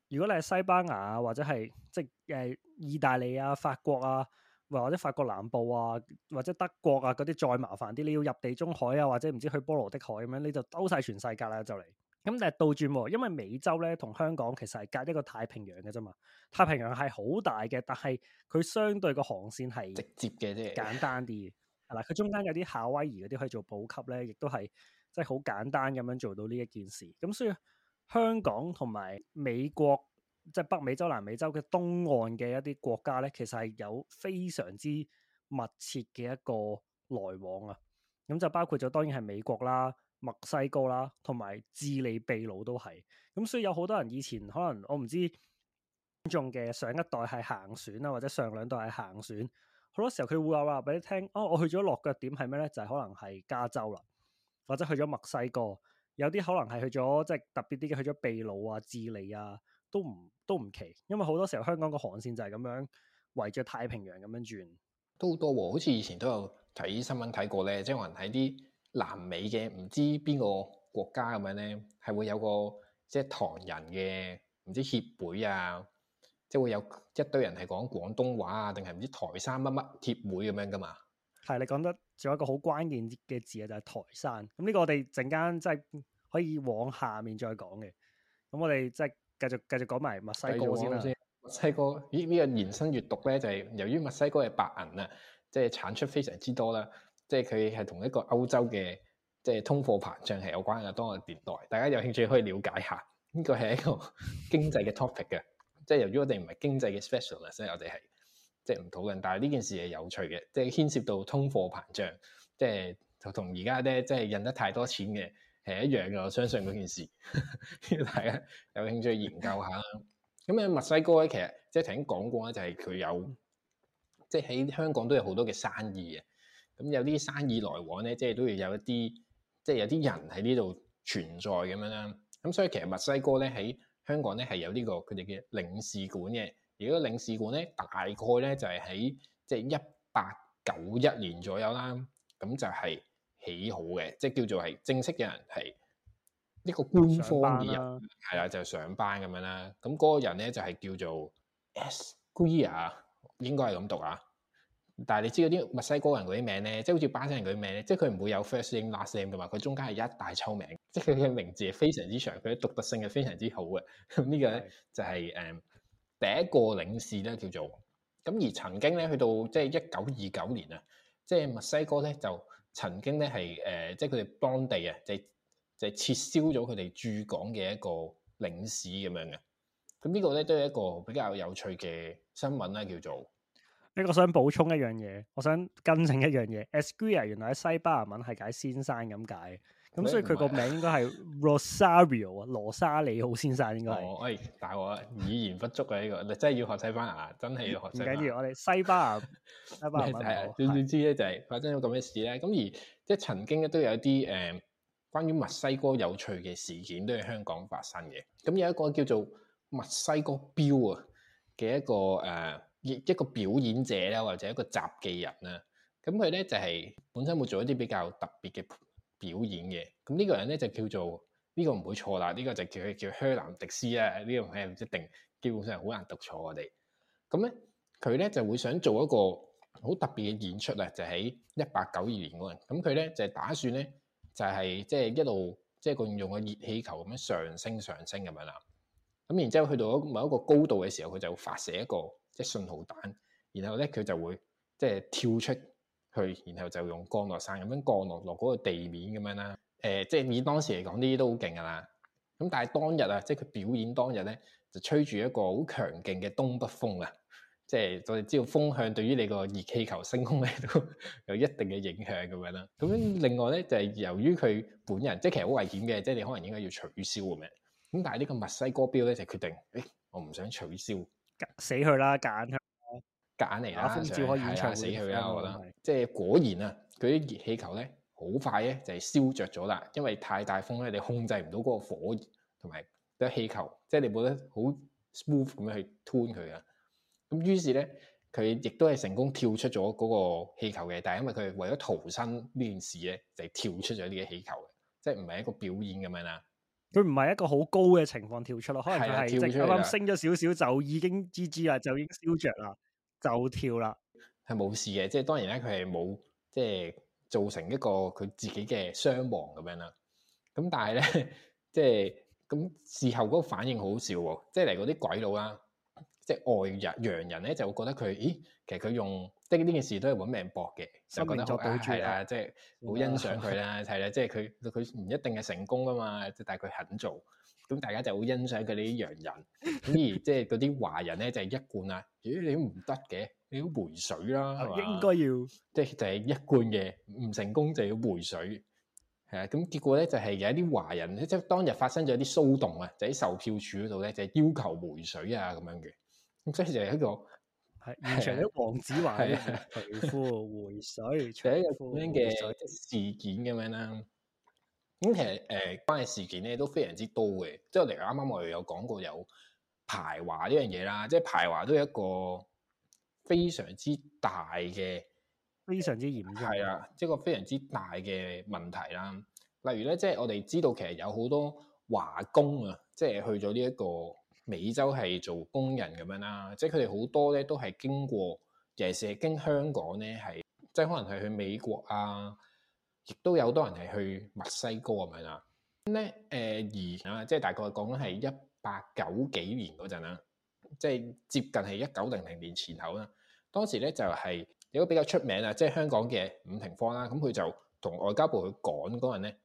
如果你係西班牙啊，或者係即係誒、呃、意大利啊、法國啊，或者法國南部啊，或者德國啊嗰啲再麻煩啲，你要入地中海啊，或者唔知去波羅的海咁樣，你就兜晒全世界啦就嚟。咁但係倒轉、啊，因為美洲咧同香港其實係隔一個太平洋嘅啫嘛。太平洋係好大嘅，但係佢相對個航線係直接嘅啫，簡單啲。嗱、啊，佢中間有啲夏威夷嗰啲可以做補給咧，亦都係即係好簡單咁樣做到呢一件事。咁、嗯嗯嗯嗯嗯、所以。香港同埋美國，即係北美洲、南美洲嘅東岸嘅一啲國家咧，其實係有非常之密切嘅一個來往啊。咁就包括咗當然係美國啦、墨西哥啦，同埋智利、秘魯都係。咁所以有好多人以前可能我唔知，觀眾嘅上一代係行船啊，或者上兩代係行船，好多時候佢會話話俾你聽，哦，我去咗落腳點係咩咧？就係可能係加州啦，或者去咗墨西哥。有啲可能係去咗即係特別啲嘅，去咗秘魯啊、智利啊，都唔都唔奇，因為好多時候香港個航線就係咁樣圍住太平洋咁樣轉。都好多喎，啊，好似以前都有睇新聞睇過咧，即係可能喺啲南美嘅唔知邊個國家咁樣咧，係會有個即係唐人嘅唔知協會啊，即係會有一堆人係講廣東話啊，定係唔知台山乜乜協會咁樣噶嘛？係，你講得仲有一個好關鍵嘅字啊，就係台山。咁呢個我哋陣間即係可以往下面再講嘅。咁我哋即係繼續繼續講埋墨西哥先啦。墨西哥呢呢個延伸閱讀咧，就係由於墨西哥嘅白銀啊，即係產出非常之多啦。即係佢係同一個歐洲嘅即係通貨膨脹係有關嘅當代年代。大家有興趣可以了解下，呢個係一個經濟嘅 topic 嘅。即係由於我哋唔係經濟嘅 specialist，我哋係。即係唔討論，但係呢件事係有趣嘅，即係牽涉到通貨膨脹，即係就同而家咧，即係印得太多錢嘅係一樣嘅。我相信嗰件事，希 望大家有興趣研究下。咁咧，墨西哥咧，其實即係頭先講過咧，就係、是、佢有即係喺香港都有好多嘅生意嘅，咁有啲生意來往咧，即係都要有一啲即係有啲人喺呢度存在咁樣啦。咁所以其實墨西哥咧喺香港咧係有呢、這個佢哋嘅領事館嘅。如果領事館咧，大概咧就係喺即係一八九一年左右啦，咁就係起好嘅，即係叫做係正式嘅人，係一個官方嘅人，係啦，就上班咁樣啦。咁嗰個人咧就係叫做 S. Guia，應該係咁讀啊。但係你知嗰啲墨西哥人嗰啲名咧，即係好似巴西人嗰啲名咧，即係佢唔會有 first name、last name 噶嘛，佢中間係一大抽名，即係佢嘅名字係非常之長，佢嘅獨特性係非常之好嘅。咁呢個咧就係誒。第一個領事咧叫做咁，而曾經咧去到即係一九二九年啊，即係墨西哥咧就曾經咧係誒，即係佢哋當地啊，就就係撤銷咗佢哋駐港嘅一個領事咁樣嘅。咁呢個咧都係一個比較有趣嘅新聞啦，叫做呢個。我想補充一樣嘢，我想更正一樣嘢。Esquire 原來喺西班牙文係解先生咁解。咁所以佢個名應該係 Rosario 啊，羅莎里奧先生應該係。我誒、哦，大鑊語言不足啊！呢、這個你真係要學西班牙，真係要學西班牙。唔緊要，我哋西班牙，西班牙好。你知唔知咧？正正是正是就係發生咗咁嘅事咧？咁而即係曾經咧都有啲誒、呃，關於墨西哥有趣嘅事件都係香港發生嘅。咁有一個叫做墨西哥標啊嘅一個誒、呃，一個表演者咧，或者一個雜技人啦。咁佢咧就係、是、本身會做一啲比較特別嘅。表演嘅，咁、這、呢個人咧就叫做呢、這個唔會錯啦，呢、這個就叫佢叫靴南迪斯啦，呢個係唔一定，基本上係好難讀錯我哋。咁咧佢咧就會想做一個好特別嘅演出啦，就喺一八九二年嗰陣，咁佢咧就是、打算咧就係即係一路即係、就是、用用個熱氣球咁樣上升上升咁樣啦。咁、嗯、然之後去到某一個高度嘅時候，佢就發射一個即係、就是、信號彈，然後咧佢就會即係、就是、跳出。佢然後就用降落傘咁樣降落落嗰個地面咁樣啦，誒、呃、即係以當時嚟講，呢啲都好勁噶啦。咁但係當日啊，即係佢表演當日咧，就吹住一個好強勁嘅東北風啊，即係我哋知道風向對於你個熱氣球升空咧都有一定嘅影響咁樣啦。咁另外咧就係、是、由於佢本人，即係其實好危險嘅，即係你可能應該要取消咁樣。咁但係呢個墨西哥標咧就決定，誒、哎、我唔想取消，死佢啦，揀佢。夾硬嚟啦，啊、可以啊死佢啦！我覺想得，是即係果然啊，佢啲熱氣球咧，好快咧就係燒着咗啦，因為太大風咧，你控制唔到嗰個火，同埋啲氣球，即係你冇得好 smooth 咁樣去吞佢啊。咁於是咧，佢亦都係成功跳出咗嗰個氣球嘅，但係因為佢為咗逃生呢件事咧，就係、跳出咗呢個氣球嘅，即係唔係一個表演咁樣啦。佢唔係一個好高嘅情況跳出咯，可能係啱、啊、升咗少少就已經吱吱啦，就已經燒着啦。就跳啦，係冇事嘅，即係當然咧，佢係冇即係造成一個佢自己嘅傷亡咁樣啦。咁但係咧，即係咁事後嗰個反應好好笑喎、啊，即係嚟嗰啲鬼佬啦，即係外人洋人咧，就會覺得佢，咦，其實佢用即呢件事都係揾命搏嘅，就覺得好係啦，即係好欣賞佢啦，係啦， 即係佢佢唔一定係成功噶嘛，即但係佢肯做。咁大家就好欣賞佢哋啲洋人，反而即係嗰啲華人咧就係一貫啊，咦你都唔得嘅，你要回水啦，係嘛？應該要即係就係一貫嘅，唔成功就要回水，係啊。咁結果咧就係有一啲華人即係當日發生咗啲騷動啊，就喺售票處嗰度咧就要求回水啊咁樣嘅，咁所以就係一個係現場啲黃子華嘅皮膚回水，第一個咁樣嘅事件咁樣啦。咁、嗯、其實誒、呃，關係事件咧都非常之多嘅，即係嚟，啱啱我哋有講過有排華呢樣嘢啦，即係排華都係一個非常之大嘅，非常之嚴重係啦，即係個非常之大嘅問題啦。例如咧，即係我哋知道其實有好多華工啊，即係去咗呢一個美洲係做工人咁樣啦，即係佢哋好多咧都係經過，尤其是經香港咧係，即係可能係去美國啊。亦都有好多人係去墨西哥咁樣啊，咁咧誒而啊，即係大概講緊係一八九幾年嗰陣啦，即係接近係一九零零年前後啦。當時咧就係有個比較出名啊，即係香港嘅伍廷芳啦，咁佢就同外交部去講嗰陣咧，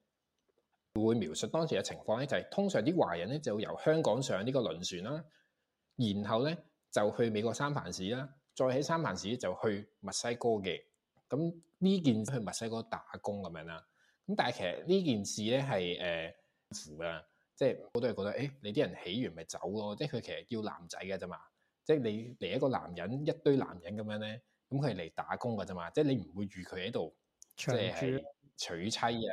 會描述當時嘅情況咧，就係、是、通常啲華人咧就由香港上呢個輪船啦，然後咧就去美國三藩市啦，再喺三藩市就去墨西哥嘅。咁呢件去墨西哥打工咁樣啦，咁但係其實呢件事咧係誒負噶，即係我都係覺得，誒你啲人起完咪走咯，即係佢其實要男仔嘅啫嘛，即係你嚟一個男人一堆男人咁樣咧，咁佢嚟打工嘅啫嘛，即係你唔會預佢喺度， 即係娶妻啊，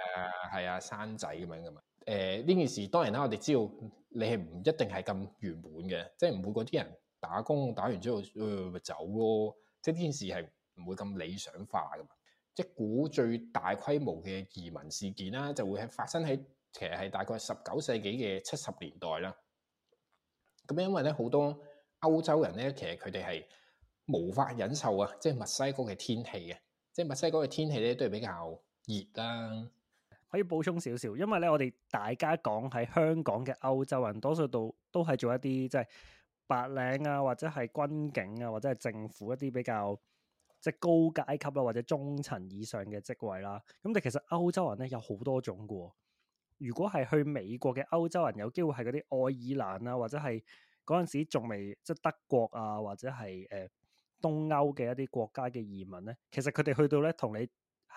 係啊，生仔咁樣噶嘛。誒、呃、呢件事當然啦，我哋知道你係唔一定係咁圓滿嘅，即係唔會嗰啲人打工打完之後咪、呃、走咯，即係呢件事係。唔會咁理想化噶嘛，即係估最大規模嘅移民事件啦，啊，就會係發生喺其實係大概十九世紀嘅七十年代啦。咁因為咧好多歐洲人咧，其實佢哋係無法忍受啊，即係墨西哥嘅天氣嘅，即係墨西哥嘅天氣咧都係比較熱啦。可以補充少少，因為咧我哋大家講喺香港嘅歐洲人多數都都係做一啲即係白領啊，或者係軍警啊，或者係政府一啲比較。即係高階級啦，或者中層以上嘅職位啦。咁但其實歐洲人咧有好多種嘅喎。如果係去美國嘅歐洲人，有機會係嗰啲愛爾蘭啦，或者係嗰陣時仲未即係德國啊，或者係誒、呃、東歐嘅一啲國家嘅移民咧。其實佢哋去到咧，同你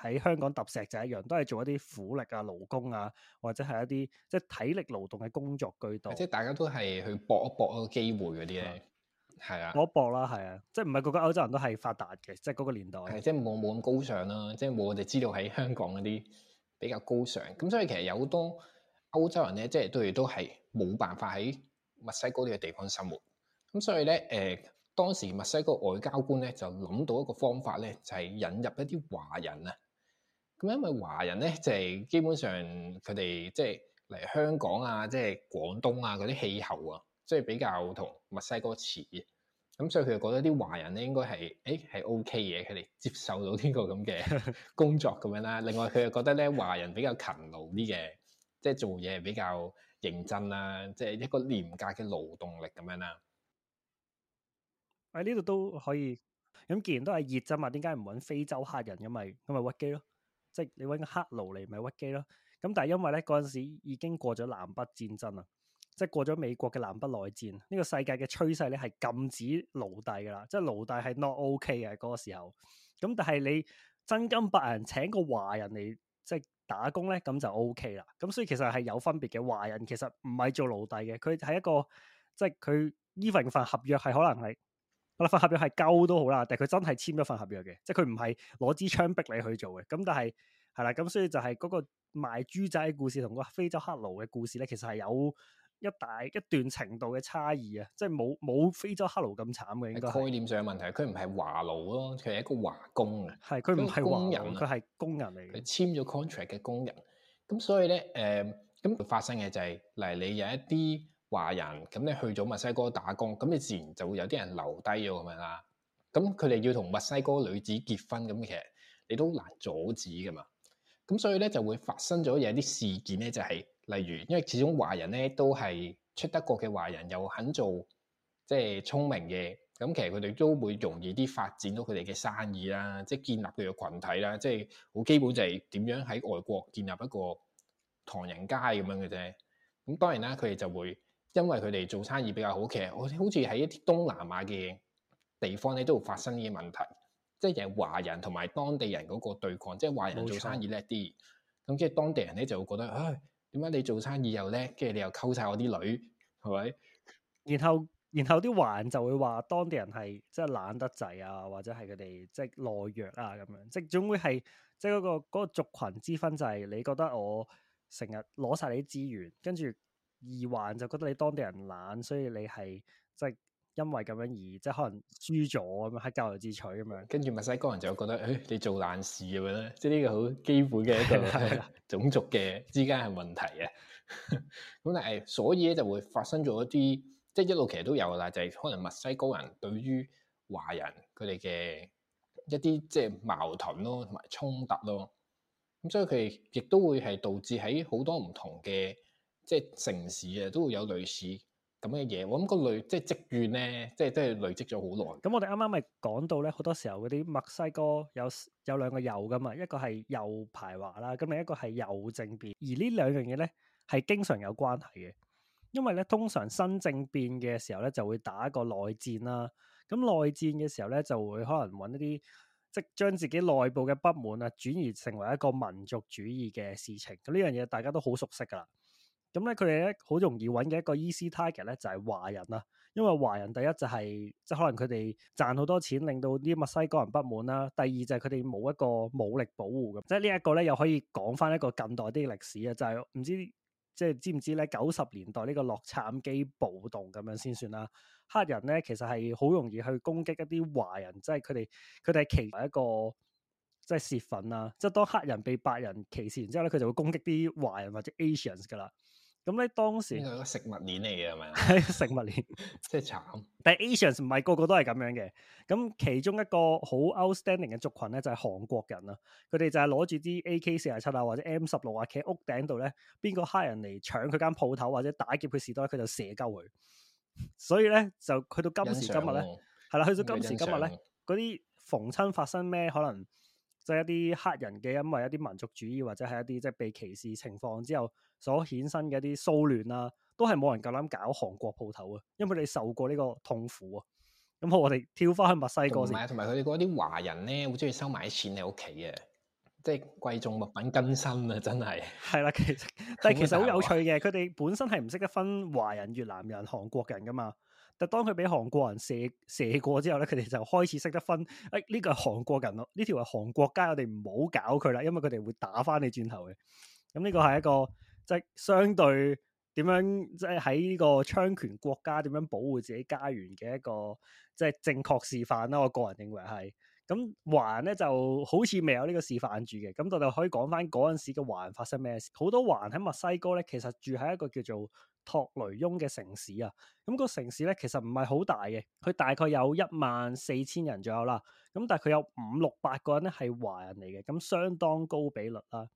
喺香港揼石仔一樣，都係做一啲苦力啊、勞工啊，或者係一啲即係體力勞動嘅工作居多。即係大家都係去搏一搏個機會嗰啲咧。係啊，我博啦，係啊，即係唔係個個歐洲人都係發達嘅，即係嗰個年代。係，即係冇冇咁高尚啦，即係冇我哋知道喺香港嗰啲比較高尚。咁所以其實有好多歐洲人咧，即係都係都係冇辦法喺墨西哥呢個地方生活。咁所以咧，誒、呃、當時墨西哥外交官咧就諗到一個方法咧，就係、是、引入一啲華人啊。咁因為華人咧就係、是、基本上佢哋即係嚟香港啊，即係廣東啊嗰啲氣候啊。即係比較同墨西哥似，咁所以佢就覺得啲華人咧應該係誒、係 OK 嘅，佢哋接受到呢個咁嘅工作咁樣啦。 另外佢又覺得咧華人比較勤勞啲嘅，即係做嘢比較認真啦，即係一個廉價嘅勞動力咁樣啦。喺呢度都可以，咁既然都係熱啫嘛，點解唔揾非洲黑人咁咪咁咪屈機咯？即係你揾黑奴嚟咪屈機咯？咁但係因為咧嗰陣時已經過咗南北戰爭啊。即係過咗美國嘅南北內戰，呢個世界嘅趨勢咧係禁止奴隸噶啦，即係奴隸係 not OK 嘅嗰個時候。咁但係你真金白銀請個華人嚟即係打工咧，咁就 OK 啦。咁所以其實係有分別嘅。華人其實唔係做奴隸嘅，佢係一個即係佢 even 份合約係可能係，嗱份合約係夠都好啦，但係佢真係簽咗份合約嘅，即係佢唔係攞支槍逼你去做嘅。咁但係係啦，咁所以就係嗰個賣豬仔嘅故事同個非洲黑奴嘅故事咧，其實係有。一大一段程度嘅差異啊，即係冇冇非洲黑奴咁慘嘅，應該係概念上嘅問題。佢唔係華奴咯，佢係一個華工啊。係佢唔係工人，佢係工人嚟嘅，佢簽咗 contract 嘅工人。咁所以咧，誒、呃、咁發生嘅就係、是，嗱你有一啲華人咁你去咗墨西哥打工，咁你自然就會有啲人留低咗咁樣啦。咁佢哋要同墨西哥女子結婚，咁其實你都難阻止噶嘛。咁所以咧就會發生咗有啲事件咧、就是，就係。例如，因為始終華人咧都係出得國嘅華人，又肯做即係聰明嘅，咁其實佢哋都會容易啲發展到佢哋嘅生意啦，即係建立佢嘅群體啦，即係好基本就係點樣喺外國建立一個唐人街咁樣嘅啫。咁當然啦，佢哋就會因為佢哋做生意比較好，其實我好似喺一啲東南亞嘅地方咧都會發生呢啲問題，即係有華人同埋當地人嗰個對抗，即係華人做生意叻啲，咁錯即係當地人咧就會覺得唉。哎點解你做生意又叻，跟住你又溝晒我啲女，係咪？然後然後啲環就會話當地人係即係懶得滯啊，或者係佢哋即係懦弱啊咁樣，即係總會係即係嗰個嗰個族群之分就係你覺得我成日攞晒你啲資源，跟住二環就覺得你當地人懶，所以你係即係。因為咁樣而即係可能輸咗咁樣係咎由自取咁樣，跟住墨西哥人就會覺得誒、哎，你做爛事咁樣，即係呢個好基本嘅一個 種族嘅之間嘅問題啊。咁 但係所以咧就會發生咗一啲，即係一路其實都有噶啦，就係、是、可能墨西哥人對於華人佢哋嘅一啲即係矛盾咯，同埋衝突咯。咁所以佢亦都會係導致喺好多唔同嘅即係城市啊，都會有類似。咁嘅嘢，我諗個累即係積怨咧，即係即係累積咗好耐。咁我哋啱啱咪講到咧，好多時候嗰啲墨西哥有有兩個右噶嘛，一個係右排華啦，咁另一個係右政變。而兩呢兩樣嘢咧係經常有關係嘅，因為咧通常新政變嘅時候咧就會打一個內戰啦。咁內戰嘅時候咧就會可能揾一啲即將自己內部嘅不滿啊轉而成為一個民族主義嘅事情。咁呢樣嘢大家都好熟悉噶啦。咁咧，佢哋咧好容易揾嘅一個 easy target 咧就係華人啦。因為華人第一就係即係可能佢哋賺好多錢，令到啲墨西哥人不滿啦。第二就係佢哋冇一個武力保護咁，即係呢一個咧又可以講翻一個近代啲嘅歷史啊。就係唔知即係知唔知咧？九十年代呢個洛杉磯暴動咁樣先算啦。黑人咧其實係好容易去攻擊一啲華人，即係佢哋佢哋係歧埋一個即係泄憤啦。即係當黑人被白人歧視然之後咧，佢就會攻擊啲華人或者 Asians 噶啦。咁咧，你當時係個食物鏈嚟嘅，係咪啊？食物鏈，即係 慘。但 Asians 唔係個，個個都係咁樣嘅。咁其中一個好 outstanding 嘅族群咧，就係、是、韓國人啦。佢哋就係攞住啲 AK 四廿七啊，或者 M 十六啊，企喺屋頂度咧，邊個蝦人嚟搶佢間鋪頭或者打劫佢士多，佢就射鳩佢。所以咧，就去到今時今日咧，係啦，去到今時今日咧，嗰啲逢親發生咩可能？即係一啲黑人嘅，因為一啲民族主義或者係一啲即係被歧視情況之後，所衍生嘅一啲騷亂啊，都係冇人夠膽搞韓國鋪頭啊，因為佢哋受過呢個痛苦啊。咁我哋跳翻去墨西哥，先，同埋同埋佢哋嗰啲華人咧，好中意收埋啲錢喺屋企啊，即係貴重物品更新啊，真係。係 啦，其實但係其實好有趣嘅，佢哋本身係唔識得分華人、越南人、韓國人噶嘛。但當佢俾韓國人射射過之後咧，佢哋就開始識得分，誒、哎、呢、這個係韓國人咯，呢條係韓國街，我哋唔好搞佢啦，因為佢哋會打返你轉頭嘅。咁、嗯、呢、這個係一個即係、就是、相對點樣，即係喺呢個槍權國家點樣保護自己家園嘅一個即係、就是、正確示範啦。我個人認為係。咁華人咧就好似未有呢個示範住嘅，咁我哋可以講翻嗰陣時嘅華人發生咩事？好多華人喺墨西哥咧，其實住喺一個叫做托雷翁嘅城市啊。咁、那個城市咧其實唔係好大嘅，佢大概有一萬四千人左右啦。咁但係佢有五六百個人咧係華人嚟嘅，咁相當高比率啦。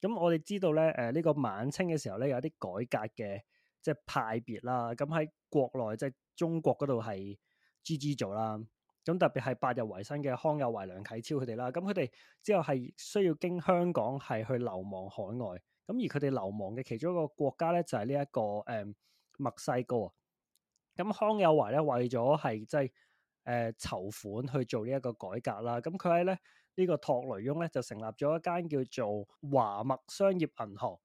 咁我哋知道咧，誒、呃、呢、這個晚清嘅時候咧有啲改革嘅即係派別啦。咁喺國內即係中國嗰度係支持做啦。咁特別係百日維新嘅康有為、梁啟超佢哋啦，咁佢哋之後係需要經香港係去流亡海外，咁而佢哋流亡嘅其中一個國家咧就係呢一個誒墨、嗯、西哥。啊。咁康有為咧為咗係即係誒籌款去做呢一個改革啦，咁佢喺咧呢個托雷翁咧就成立咗一間叫做華墨商業銀行。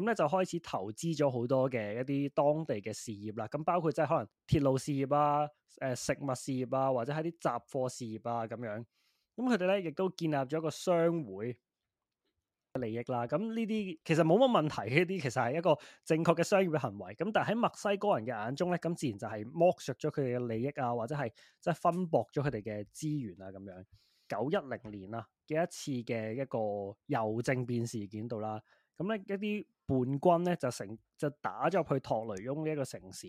咁咧就開始投資咗好多嘅一啲當地嘅事業啦，咁包括即係可能鐵路事業啊、誒、呃、食物事業啊，或者係啲雜貨事業啊咁樣。咁佢哋咧亦都建立咗一個商會利益啦。咁呢啲其實冇乜問題嘅一啲，其實係一個正確嘅商業行為。咁但係喺墨西哥人嘅眼中咧，咁自然就係剝削咗佢哋嘅利益啊，或者係即係分薄咗佢哋嘅資源啊咁樣。九一零年啦嘅一次嘅一個郵政變事件度啦，咁咧一啲。叛軍咧就成就打咗入去托雷翁呢一個城市，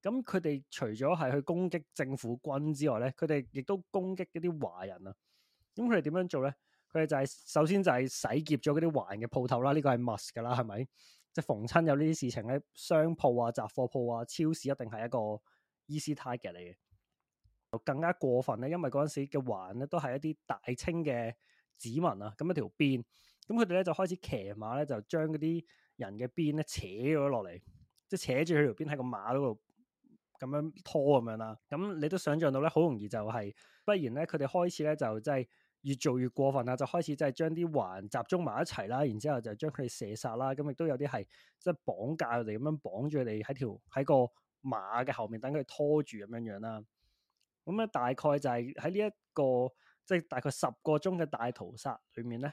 咁佢哋除咗係去攻擊政府軍之外咧，佢哋亦都攻擊嗰啲華人啊。咁佢哋點樣做咧？佢哋就係、是、首先就係洗劫咗嗰啲華人嘅鋪頭啦。呢個係 must 噶啦，係咪？即係逢親有呢啲事情咧，商鋪啊、雜貨鋪啊、超市一定係一個 easy target 嚟嘅。更加過分咧，因為嗰陣時嘅華人咧都係一啲大清嘅子民啊，咁一條辮，咁佢哋咧就開始騎馬咧，就將嗰啲。人嘅鞭咧扯咗落嚟，即係扯住佢條鞭喺個馬度咁樣拖咁樣啦。咁你都想象到咧，好容易就係、是，不然咧佢哋開始咧就即係越做越過分啦，就開始即係將啲環集中埋一齊啦，然之後就將佢哋射殺啦。咁亦都有啲係即係綁架佢哋，咁樣綁住佢哋喺條喺個馬嘅後面等佢拖住咁樣樣啦。咁咧大概就係喺呢一個即係、就是、大概十個鐘嘅大屠殺裏面咧。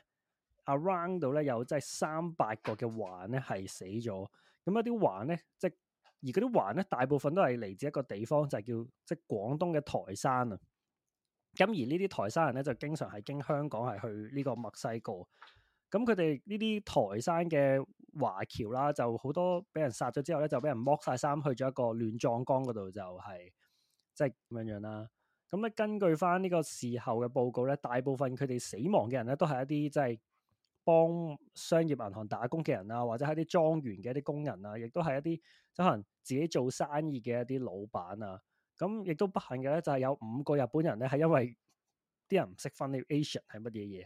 around 到咧有即係三百個嘅環咧係死咗，咁一啲環咧即係而嗰啲環咧大部分都係嚟自一個地方就係、是、叫即係廣東嘅台山啊，咁而呢啲台山人咧就經常係經香港係去呢個墨西哥，咁佢哋呢啲台山嘅華僑啦就好多俾人殺咗之後咧就俾人剝晒衫，去咗一個亂葬崗嗰度就係即係咁樣樣啦，咁咧根據翻呢個事後嘅報告咧，大部分佢哋死亡嘅人咧都係一啲即係。幫商業銀行打工嘅人啊，或者係啲莊園嘅一啲工人啊，亦都係一啲即可能自己做生意嘅一啲老闆啊，咁亦都不幸嘅咧，就係有五個日本人咧係因為啲人唔識分呢 Asian 係乜嘢嘢，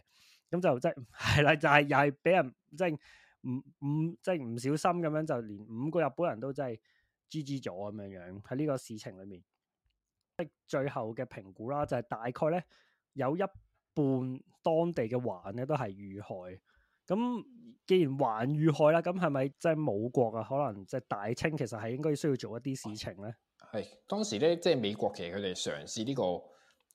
咁就即係係啦，就係又係俾人即係唔唔即係唔小心咁樣，就連五個日本人都即係 GG 咗咁樣樣喺呢個事情裏面，即最後嘅評估啦，就係大概咧有一。半當地嘅華咧都係遇害，咁既然華遇害啦，咁係咪即係冇國啊？可能即係大清其實係應該需要做一啲事情咧。係當時咧，即係美國其實佢哋嘗試呢個，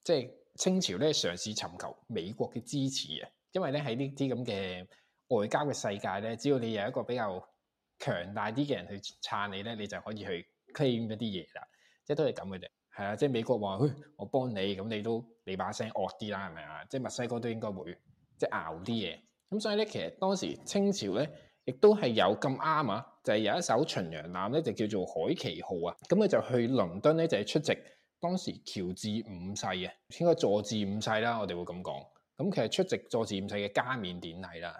即係清朝咧嘗試尋求美國嘅支持啊。因為咧喺呢啲咁嘅外交嘅世界咧，只要你有一個比較強大啲嘅人去撐你咧，你就可以去 claim 一啲嘢啦，即係都係咁嘅啫。係啊，即係美國話，我幫你，咁你都你把聲惡啲啦，係咪啊？即係墨西哥都應該會，即係拗啲嘢。咁所以咧，其實當時清朝咧，亦都係有咁啱啊，就係、是、有一艘巡洋艦咧，就叫做海奇號啊。咁佢就去倫敦咧，就係、是、出席當時喬治五世啊，應該佐治五世啦，我哋會咁講。咁其實出席佐治五世嘅加冕典禮啦。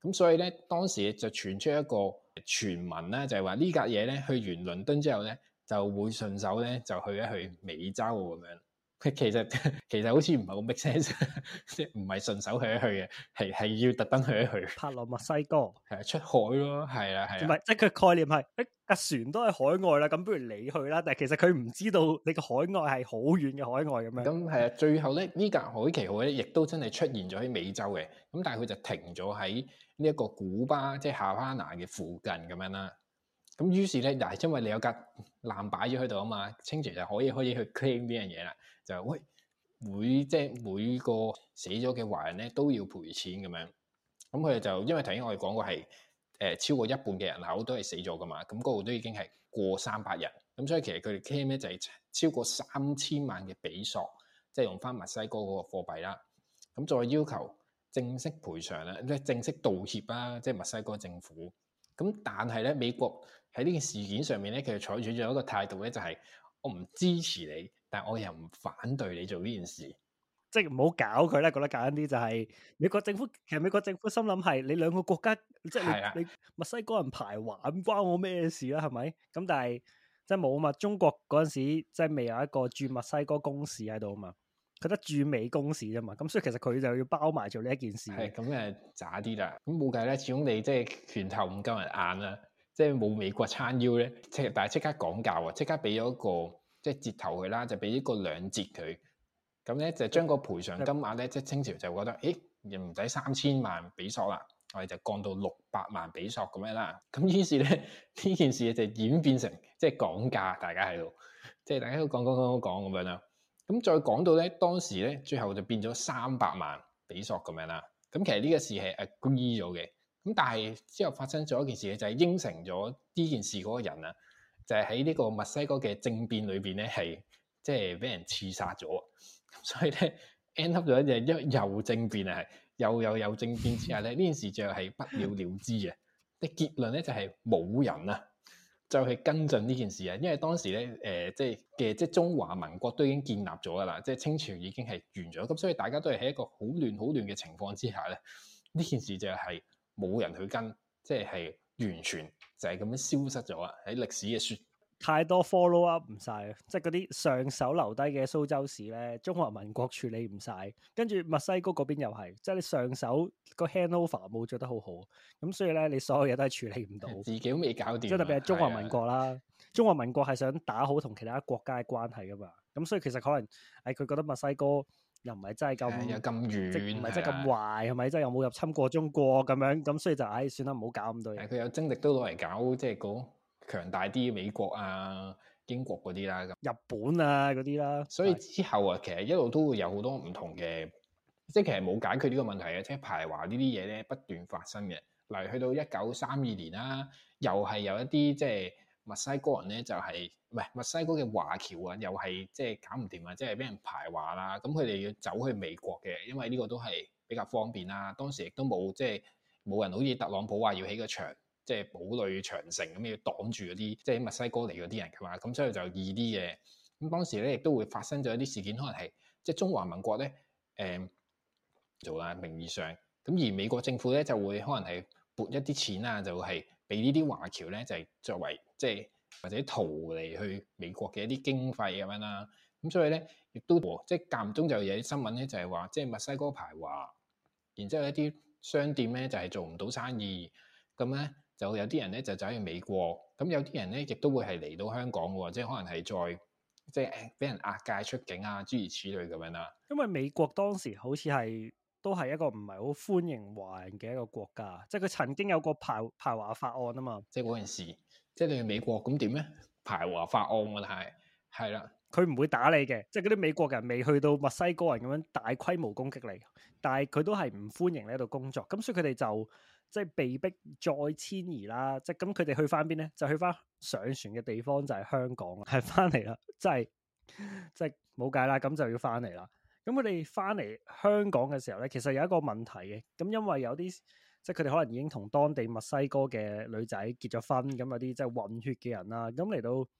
咁所以咧，當時就傳出一個傳聞咧，就係、是、話呢架嘢咧，去完倫敦之後咧。就會順手咧，就去一去美洲咁樣。佢其實其實好似唔係咁 make sense，即係唔係順手去一去嘅，係係要特登去一去。拍落墨西哥係啊，出海咯，係啦，係啊。唔係，即係佢概念係，架船都喺海外啦，咁不如你去啦。但係其實佢唔知道你個海外係好遠嘅海外咁樣。咁係啊，最後咧呢架海奇號咧，亦都真係出現咗喺美洲嘅。咁但係佢就停咗喺呢一個古巴，即係夏灣拿嘅附近咁樣啦。咁於是咧，就係因為你有間爛擺咗喺度啊嘛，清朝就可以可以去 claim 呢樣嘢啦。就喂，每即係每個死咗嘅華人咧都要賠錢咁樣。咁佢哋就因為頭先我哋講過係誒、呃、超過一半嘅人口都係死咗㗎嘛，咁嗰度都已經係過三百人。咁所以其實佢哋 claim 咧就係超過三千萬嘅比索，即係用翻墨西哥嗰個貨幣啦。咁、嗯、再要求正式賠償啦，即係正式道歉啦、啊，即係墨西哥政府。咁但係咧，美國。喺呢件事件上面咧，其實採取咗一個態度咧、就是，就係我唔支持你，但我又唔反對你做呢件事，即係唔好搞佢咧。覺得簡單啲就係、是、美國政府，其實美國政府心諗係你兩個國家，即係你，的你,你墨西哥人排玩關我咩事啊？係咪？咁但係即係冇啊嘛。中國嗰陣時即係未有一個駐墨西哥公使喺度啊嘛，佢得駐美公使啫嘛。咁所以其實佢就要包埋做呢一件事。係咁誒，渣啲啦。咁冇計咧，始終你即係拳頭唔夠人硬啦。即係冇美國撐腰咧，即係大家即刻講價喎，即刻俾咗一個即係折頭佢啦，就俾一個兩折佢。咁咧就將個賠償金額咧，即係清朝就覺得，咦，又唔使三千萬比索啦，我哋就降到六百萬比索咁樣啦。咁於是咧，呢件事就演變成即係講價，大家喺度，即係大家都 講講講講咁樣啦。咁再講到咧，當時咧最後就變咗三百萬比索咁樣啦。咁其實呢個事係 agree 咗嘅。咁但係之後發生咗一件事嘅就係、是、應承咗呢件事嗰個人啊，就係喺呢個墨西哥嘅政變裏邊咧，係即係俾人刺殺咗。所以咧，end up 咗一隻，因為又政變啊，又又又政變之下咧，呢件事就係不了了之嘅。啲結論咧就係冇人啊，就去、是、跟進呢件事啊，因為當時咧誒、呃、即係嘅即係中華民國都已經建立咗㗎喇，即係清朝已經係完咗咁，所以大家都係喺一個好亂好亂嘅情況之下咧，呢件事就係、是。冇人去跟，即係完全就係咁樣消失咗啊！喺歷史嘅書太多 follow up 唔晒，即係嗰啲上手留低嘅蘇州屎咧，中華民國處理唔晒。跟住墨西哥嗰邊又係，即係你上手個 handover 冇做得好好，咁所以咧你所有嘢都係處理唔到，自己都未搞掂。即係特別係中華民國啦，對啊、中華民國係想打好同其他國家嘅關係㗎嘛，咁所以其實可能誒佢覺得墨西哥，又唔係真係咁又咁遠，唔係真係咁壞，係咪的？即係又冇入侵過中國咁樣，咁所以就唉，算啦，唔好搞咁多嘢。佢有精力都攞嚟搞，即係嗰強大啲美國啊、英國嗰啲啦、日本啊嗰啲啦。啊、所以之後啊，的其實一路都會有好多唔同嘅，即係其實冇解決呢個問題嘅，即係排華呢啲嘢咧不斷發生嘅。例如去到一九三二年啦、啊，又係有一啲即係。墨西哥人咧就係唔係墨西哥嘅華僑啊，又係即係搞唔掂啊，即係俾人排華啦。咁佢哋要走去美國嘅，因為呢個都係比較方便啦。當時亦都冇即係冇人，好似特朗普話要起個牆，即係堡壘長城咁要擋住嗰啲即係墨西哥嚟嗰啲人嘅話。咁所以就易啲嘅咁。當時咧亦都會發生咗一啲事件，可能係即係中華民國咧誒、嗯、做啦，名義上咁而美國政府咧就會可能係撥一啲錢啊，就係俾呢啲華僑咧就係作為。即係或者逃離去美國嘅一啲經費咁樣啦，咁所以咧亦都即係間唔中就有啲新聞咧就係話，即係墨西哥排華，然之後一啲商店咧就係做唔到生意，咁咧就有啲人咧就走去美國，咁有啲人咧亦都會係嚟到香港嘅，即係可能係再，即係俾人壓界出境啊諸如此類咁樣啦。因為美國當時好似係都係一個唔係好歡迎華人嘅一個國家，即係佢曾經有個排排華法案啊嘛，即係嗰件事。即係你去美國咁點咧？排華法案啊，係係啦，佢唔會打你嘅，即係嗰啲美國人未去到墨西哥人咁樣大規模攻擊你，但係佢都係唔歡迎你喺度工作，咁所以佢哋就即係、就是、被逼再遷移啦，即係咁佢哋去翻邊咧，就去翻上船嘅地方就係香港，係翻嚟啦，即係即係冇計啦，咁、就是、就要翻嚟啦。咁佢哋翻嚟香港嘅時候咧，其實有一個問題嘅，咁因為有啲。即係佢哋可能已經同當地墨西哥嘅女仔結咗婚，咁、嗯、有啲即係混血嘅人啦，咁、嗯、嚟到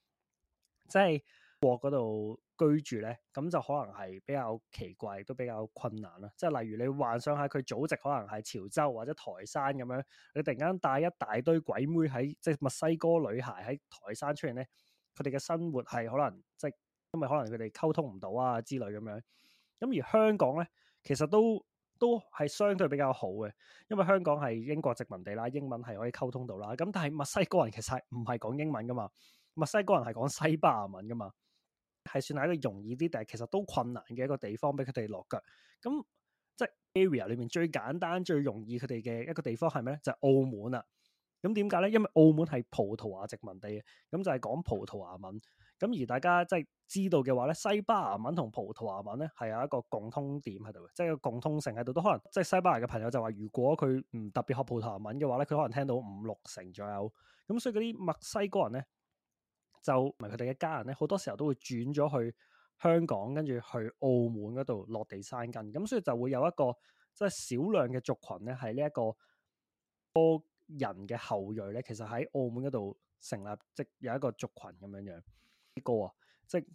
即係國嗰度居住咧，咁、嗯、就可能係比較奇怪，都比較困難啦。即係例如你幻想下佢祖籍可能係潮州或者台山咁樣，你突然間帶一大堆鬼妹喺即係墨西哥女孩喺台山出現咧，佢哋嘅生活係可能即係因為可能佢哋溝通唔到啊之類咁樣，咁、嗯、而香港咧其實都。都係相對比較好嘅，因為香港係英國殖民地啦，英文係可以溝通到啦。咁但係墨西哥人其實係唔係講英文噶嘛？墨西哥人係講西班牙文噶嘛，係算係一個容易啲，但係其實都困難嘅一個地方俾佢哋落腳。咁即係 area 裏面最簡單、最容易佢哋嘅一個地方係咩咧？就係澳門啦。咁點解咧？因為澳門係葡萄牙殖民地，咁就係講葡萄牙文。咁而大家即係知道嘅話咧，西班牙文同葡萄牙文咧係有一個共通點喺度嘅，即係個共通性喺度。都可能即係西班牙嘅朋友就話，如果佢唔特別學葡萄牙文嘅話咧，佢可能聽到五六成左右。咁所以嗰啲墨西哥人咧，就唔係佢哋嘅家人咧，好多時候都會轉咗去香港，跟住去澳門嗰度落地生根。咁所以就會有一個即係少量嘅族群咧，喺呢一個多人嘅後裔咧，其實喺澳門嗰度成立即有一個族群咁樣樣。這個即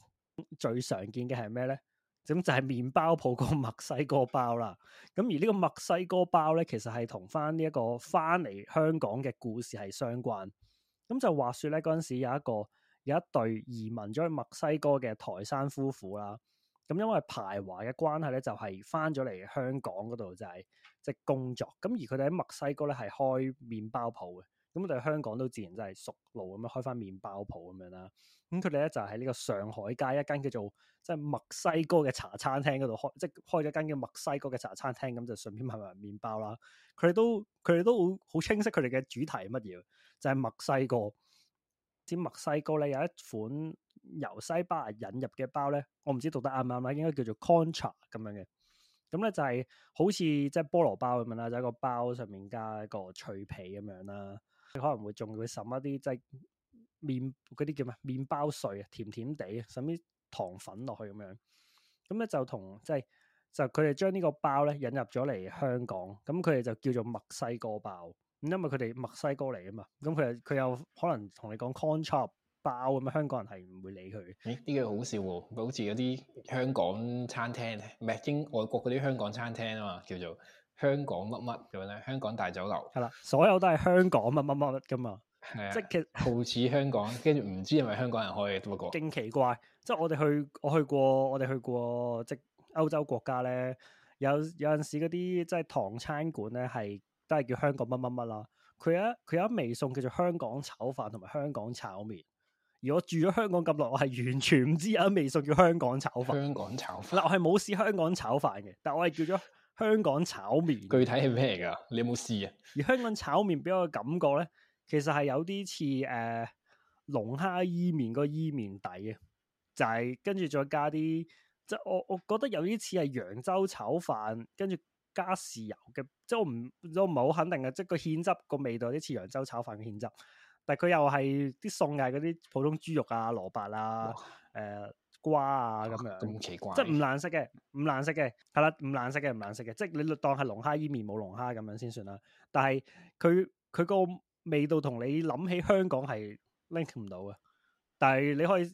最常見嘅係咩咧？咁就係、是、麵包鋪個墨西哥包啦。咁而呢個墨西哥包咧，其實係同翻呢一個翻嚟香港嘅故事係相關。咁就話說咧，嗰陣時有一個有一對移民咗去墨西哥嘅台山夫婦啦。咁因為排華嘅關係咧，就係翻咗嚟香港嗰度就係、是、即、就是、工作。咁而佢哋喺墨西哥咧係開麵包鋪嘅。咁佢哋香港都自然真係熟路咁樣開翻麵包鋪咁樣啦。咁佢哋咧就喺、是、呢個上海街一間叫做即係、就是、墨西哥嘅茶餐廳嗰度開，即係開咗間叫墨西哥嘅茶餐廳。咁、嗯、就順便賣埋麵包啦。佢哋都佢哋都好好清晰佢哋嘅主題係乜嘢，就係、是、墨西哥。啲墨西哥咧有一款由西班牙引入嘅包咧，我唔知道讀得啱唔啱啦，應該叫做 Contra 咁樣嘅。咁咧就係好似即係菠蘿包咁樣啦，就喺、是就是就是、個包上面加一個脆皮咁樣啦。佢可能會仲會冧一啲即係面嗰啲叫咩麵包碎啊，甜甜地啊，冧啲糖粉落去咁樣，咁咧就同即係就佢哋將呢個包咧引入咗嚟香港，咁佢哋就叫做墨西哥包，咁因為佢哋墨西哥嚟啊嘛，咁佢佢又可能同你講 contrab 包咁啊，香港人係唔會理佢。咦，呢、這個好笑喎、啊，好似有啲香港餐廳，唔係英外國嗰啲香港餐廳啊嘛，叫做。香港乜乜咁咧？香港大酒樓係啦，所有都係香港乜乜乜乜噶嘛，的即係好似香港，跟住唔知係咪香港人開嘅，不過，勁奇怪，即係我哋去，我去過，我哋去過即係歐洲國家咧，有有陣時嗰啲即係唐餐館咧，係都係叫香港乜乜乜啦。佢有佢有一味餸叫做香港炒飯同埋香港炒麵，而我住咗香港咁耐，我係完全唔知有一味餸叫香港炒飯。香港炒飯嗱，我係冇試香港炒飯嘅，但我係叫咗。 香港炒麵，具體係咩㗎？你有冇試啊？而香港炒麵俾我嘅感覺咧，其實係有啲似誒龍蝦伊麵個伊麵底嘅，就係跟住再加啲，即係我我覺得有啲似係揚州炒飯跟住加豉油嘅，即係我唔，我唔係好肯定嘅，即係個芡汁個味道有啲似揚州炒飯嘅芡汁，但係佢又係啲餸係嗰啲普通豬肉啊、蘿蔔啦、啊，誒哇。呃瓜啊咁樣，咁奇怪，即係唔難食嘅，唔難食嘅係啦，唔難食嘅唔難食嘅，即係你當係龍蝦伊麵冇龍蝦咁樣先算啦。但係佢佢個味道同你諗起香港係 link 唔到嘅，但係你可以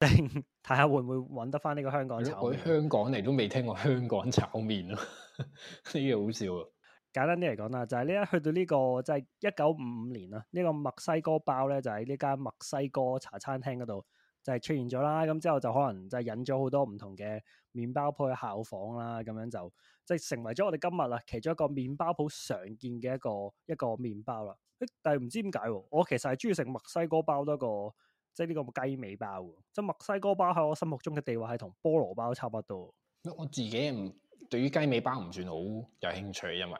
定睇下會唔會揾得翻呢個香港炒。我喺香港嚟，都未聽過香港炒麵咯，啊，呢 嘢好笑啊！簡單啲嚟講啦，就係、是、呢一去到呢、這個就係一九五五年啦，呢、這個墨西哥包咧就喺呢間墨西哥茶餐廳嗰度就係出現咗啦，咁之後就可能就引咗好多唔同嘅麵包鋪去效仿啦，咁樣就即係、就是、成為咗我哋今日啦其中一個麵包鋪常見嘅一個一個麵包啦。但係唔知點解，我其實係中意食墨西哥包多過即係呢個雞、就是、尾包。即、就、係、是、墨西哥包喺我心目中嘅地位係同菠蘿包差唔多。我自己唔對於雞尾包唔算好有興趣，因為。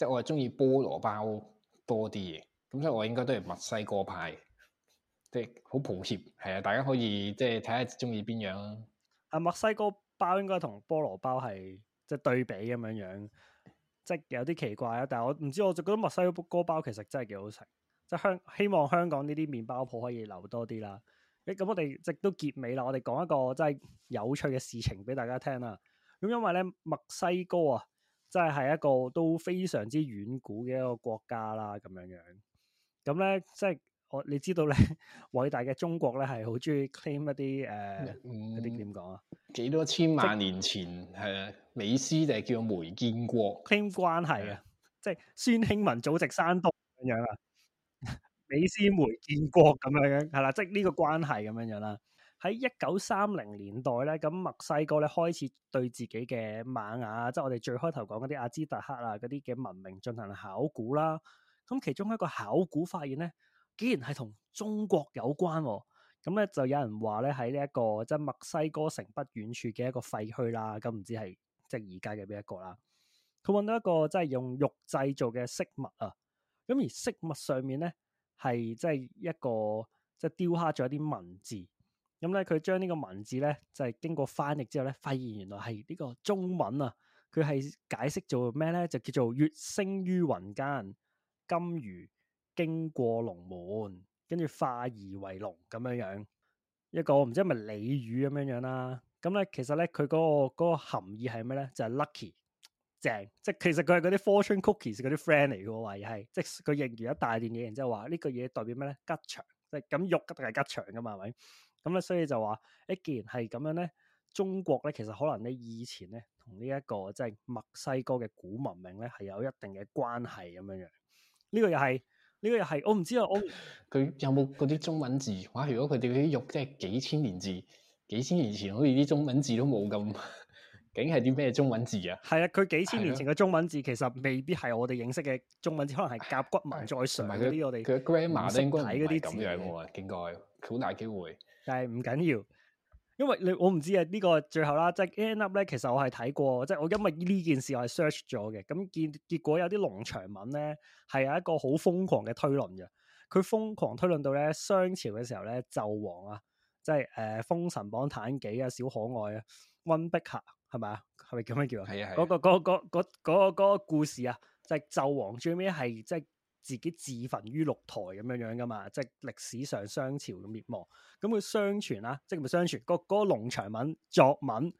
即係我係中意菠蘿包多啲嘅，咁所以我應該都係墨西哥派，即係好抱歉，係啊，大家可以即係睇下中意邊樣啊。啊，墨西哥包應該同菠蘿包係即係對比咁樣樣，即係有啲奇怪啊！但係我唔知，我就覺得墨西哥包其實真係幾好食，即係香希望香港呢啲麵包鋪可以留多啲啦。誒，咁我哋直到結尾啦，我哋講一個真係有趣嘅事情俾大家聽啦。咁因為咧墨西哥啊～即係係一個都非常之遠古嘅一個國家啦，咁樣樣。咁咧，即係我你知道咧，偉大嘅中國咧係好中意 claim 一啲誒，一啲點講啊？嗯、幾多千萬年前係即啊，美斯就係叫梅建國 claim 關係啊，即係孫興文祖籍山東咁樣啊，美斯梅建國咁樣樣係啦，即係呢個關係咁樣樣啦。喺一九三零年代咧，咁墨西哥咧開始對自己嘅瑪雅，即係我哋最開頭講嗰啲阿茲特克啊嗰啲嘅文明進行考古啦。咁其中一個考古發現咧，竟然係同中國有關、哦。咁咧就有人話咧喺呢一、這個即係、就是、墨西哥城不遠處嘅一個廢墟啦。咁唔知係即係而家嘅邊一個啦？佢搵到一個即係、就是、用玉製造嘅飾物啊。咁而飾物上面咧係即係一個即係、就是、雕刻咗一啲文字。咁咧，佢將呢個文字咧，就係經過翻譯之後咧，發現原來係呢個中文啊，佢係解釋做咩咧？就叫做月升於雲間，金魚經過龍門，跟住化而為龍咁樣樣，一個唔知係咪鯉魚咁樣樣啦。咁咧，其實咧，佢嗰個嗰個含義係咩咧？就係 lucky，正，即係其實佢係嗰啲 fortune cookies 嗰啲 friend 嚟嘅喎，又係，即係佢認住一大段嘢，然之後話呢個嘢代表咩咧？吉祥，即係咁肉一定係吉祥嘅嘛，係咪？咁咧、嗯，所以就話誒、欸，既然係咁樣咧，中國咧，其實可能咧以前咧，同呢一個即係、就是、墨西哥嘅古文明咧，係有一定嘅關係咁樣樣。呢、這個又係呢個又係、哦，我唔知啊。我佢有冇嗰啲中文字？哇！如果佢哋嗰啲肉，即係幾千年字，幾千年前，好似啲中文字都冇咁， 竟係啲咩中文字啊？係啊，佢幾千年前嘅中文字，其實未必係我哋認識嘅中文字，可能係甲骨文再上嗰啲。我哋佢 grammar 都應該唔係咁樣喎，應該好大機會。但係唔緊要，因為你我唔知啊。呢、這個最後啦，即、就、係、是、end up 咧。其實我係睇過，即、就、係、是、我因為呢件事我係 search 咗嘅。咁見結，結果有啲農場文咧，係有一個好瘋狂嘅推論嘅。佢瘋狂推論到咧，商朝嘅時候咧，紂王啊，即係誒，封、呃、神榜妲己啊，小可愛啊，溫碧霞係咪啊？係咪叫咩叫啊？係啊係。嗰、那個嗰、那個、那個、那個那個那個故事啊，就係、是、紂王最尾係即係。就是自己自焚於鹿台咁樣樣噶嘛，即係歷史上商朝嘅滅亡。咁、嗯、佢相傳啦，即係咪相傳？嗰個嗰、嗰個農場文作文，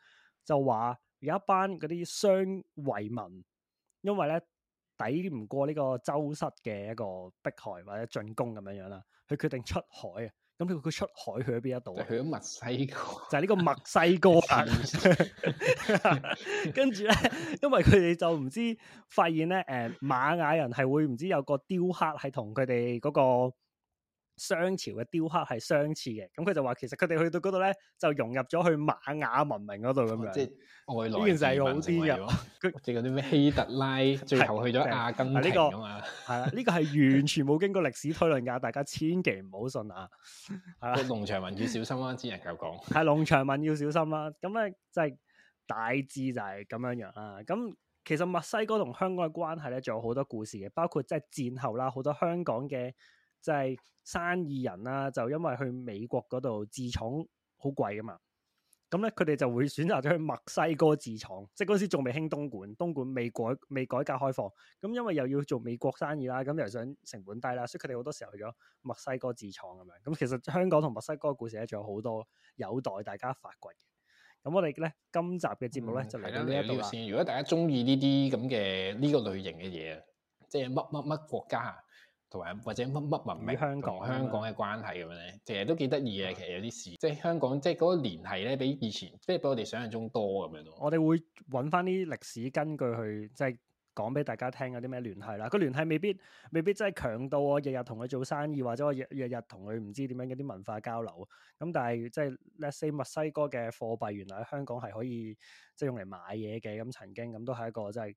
就話有一班嗰啲商遺民，因為咧抵唔過呢個周室嘅一個迫害或者進攻咁樣樣啦，佢決定出海啊。咁佢佢出海去咗邊一度？去咗墨西哥。就係呢個墨西哥啊！ 跟住咧，因為佢哋就唔知發現咧，誒，瑪雅人係會唔知有個雕刻係同佢哋嗰個。商朝嘅雕刻係相似嘅，咁佢就話其實佢哋去到嗰度咧，就融入咗去瑪雅文明嗰度咁樣。即係外來史呢件事係好啲嘅。佢係嗰啲咩希特拉最後去咗阿根廷啊係啦，呢、這個係、 這個、完全冇經過歷史推論噶， 大家千祈唔好信啊。係啦，農場民要小心啦，只能夠講。係農場民要小心啦、啊。咁咧即係大致就係咁樣樣、啊、啦。咁其實墨西哥同香港嘅關係咧，仲有好多故事嘅，包括即係戰後啦，好多香港嘅。就係生意人啦，就因為去美國嗰度自廠好貴㗎嘛，咁咧佢哋就會選擇咗去墨西哥自廠，即係嗰時仲未興東莞，東莞未改未改革開放，咁因為又要做美國生意啦，咁又想成本低啦，所以佢哋好多時候去咗墨西哥自廠咁樣。咁其實香港同墨西哥嘅故事咧，仲有好多有待大家發掘。嘅、嗯。咁我哋咧今集嘅節目咧就嚟到呢一度先。如果大家中意呢啲咁嘅呢個類型嘅嘢啊，即係乜乜乜國家啊？同埋或者乜乜文明，香港香港嘅關係咁樣咧，嗯、其實都幾得意嘅。嗯、其實有啲事，即、就、係、是、香港，即係嗰個聯繫咧，比以前即係、就是、比我哋想象中多咁樣咯。我哋會揾翻啲歷史根據去即係、就是、講俾大家聽有啲咩聯繫啦。個聯繫未必未必真係強到我日日同佢做生意，或者我日日日同佢唔知點樣嗰啲文化交流。咁但係即係、就是、let's say 墨西哥嘅貨幣，原來喺香港係可以即係、就是、用嚟買嘢嘅。咁曾經咁都係一個即係。就是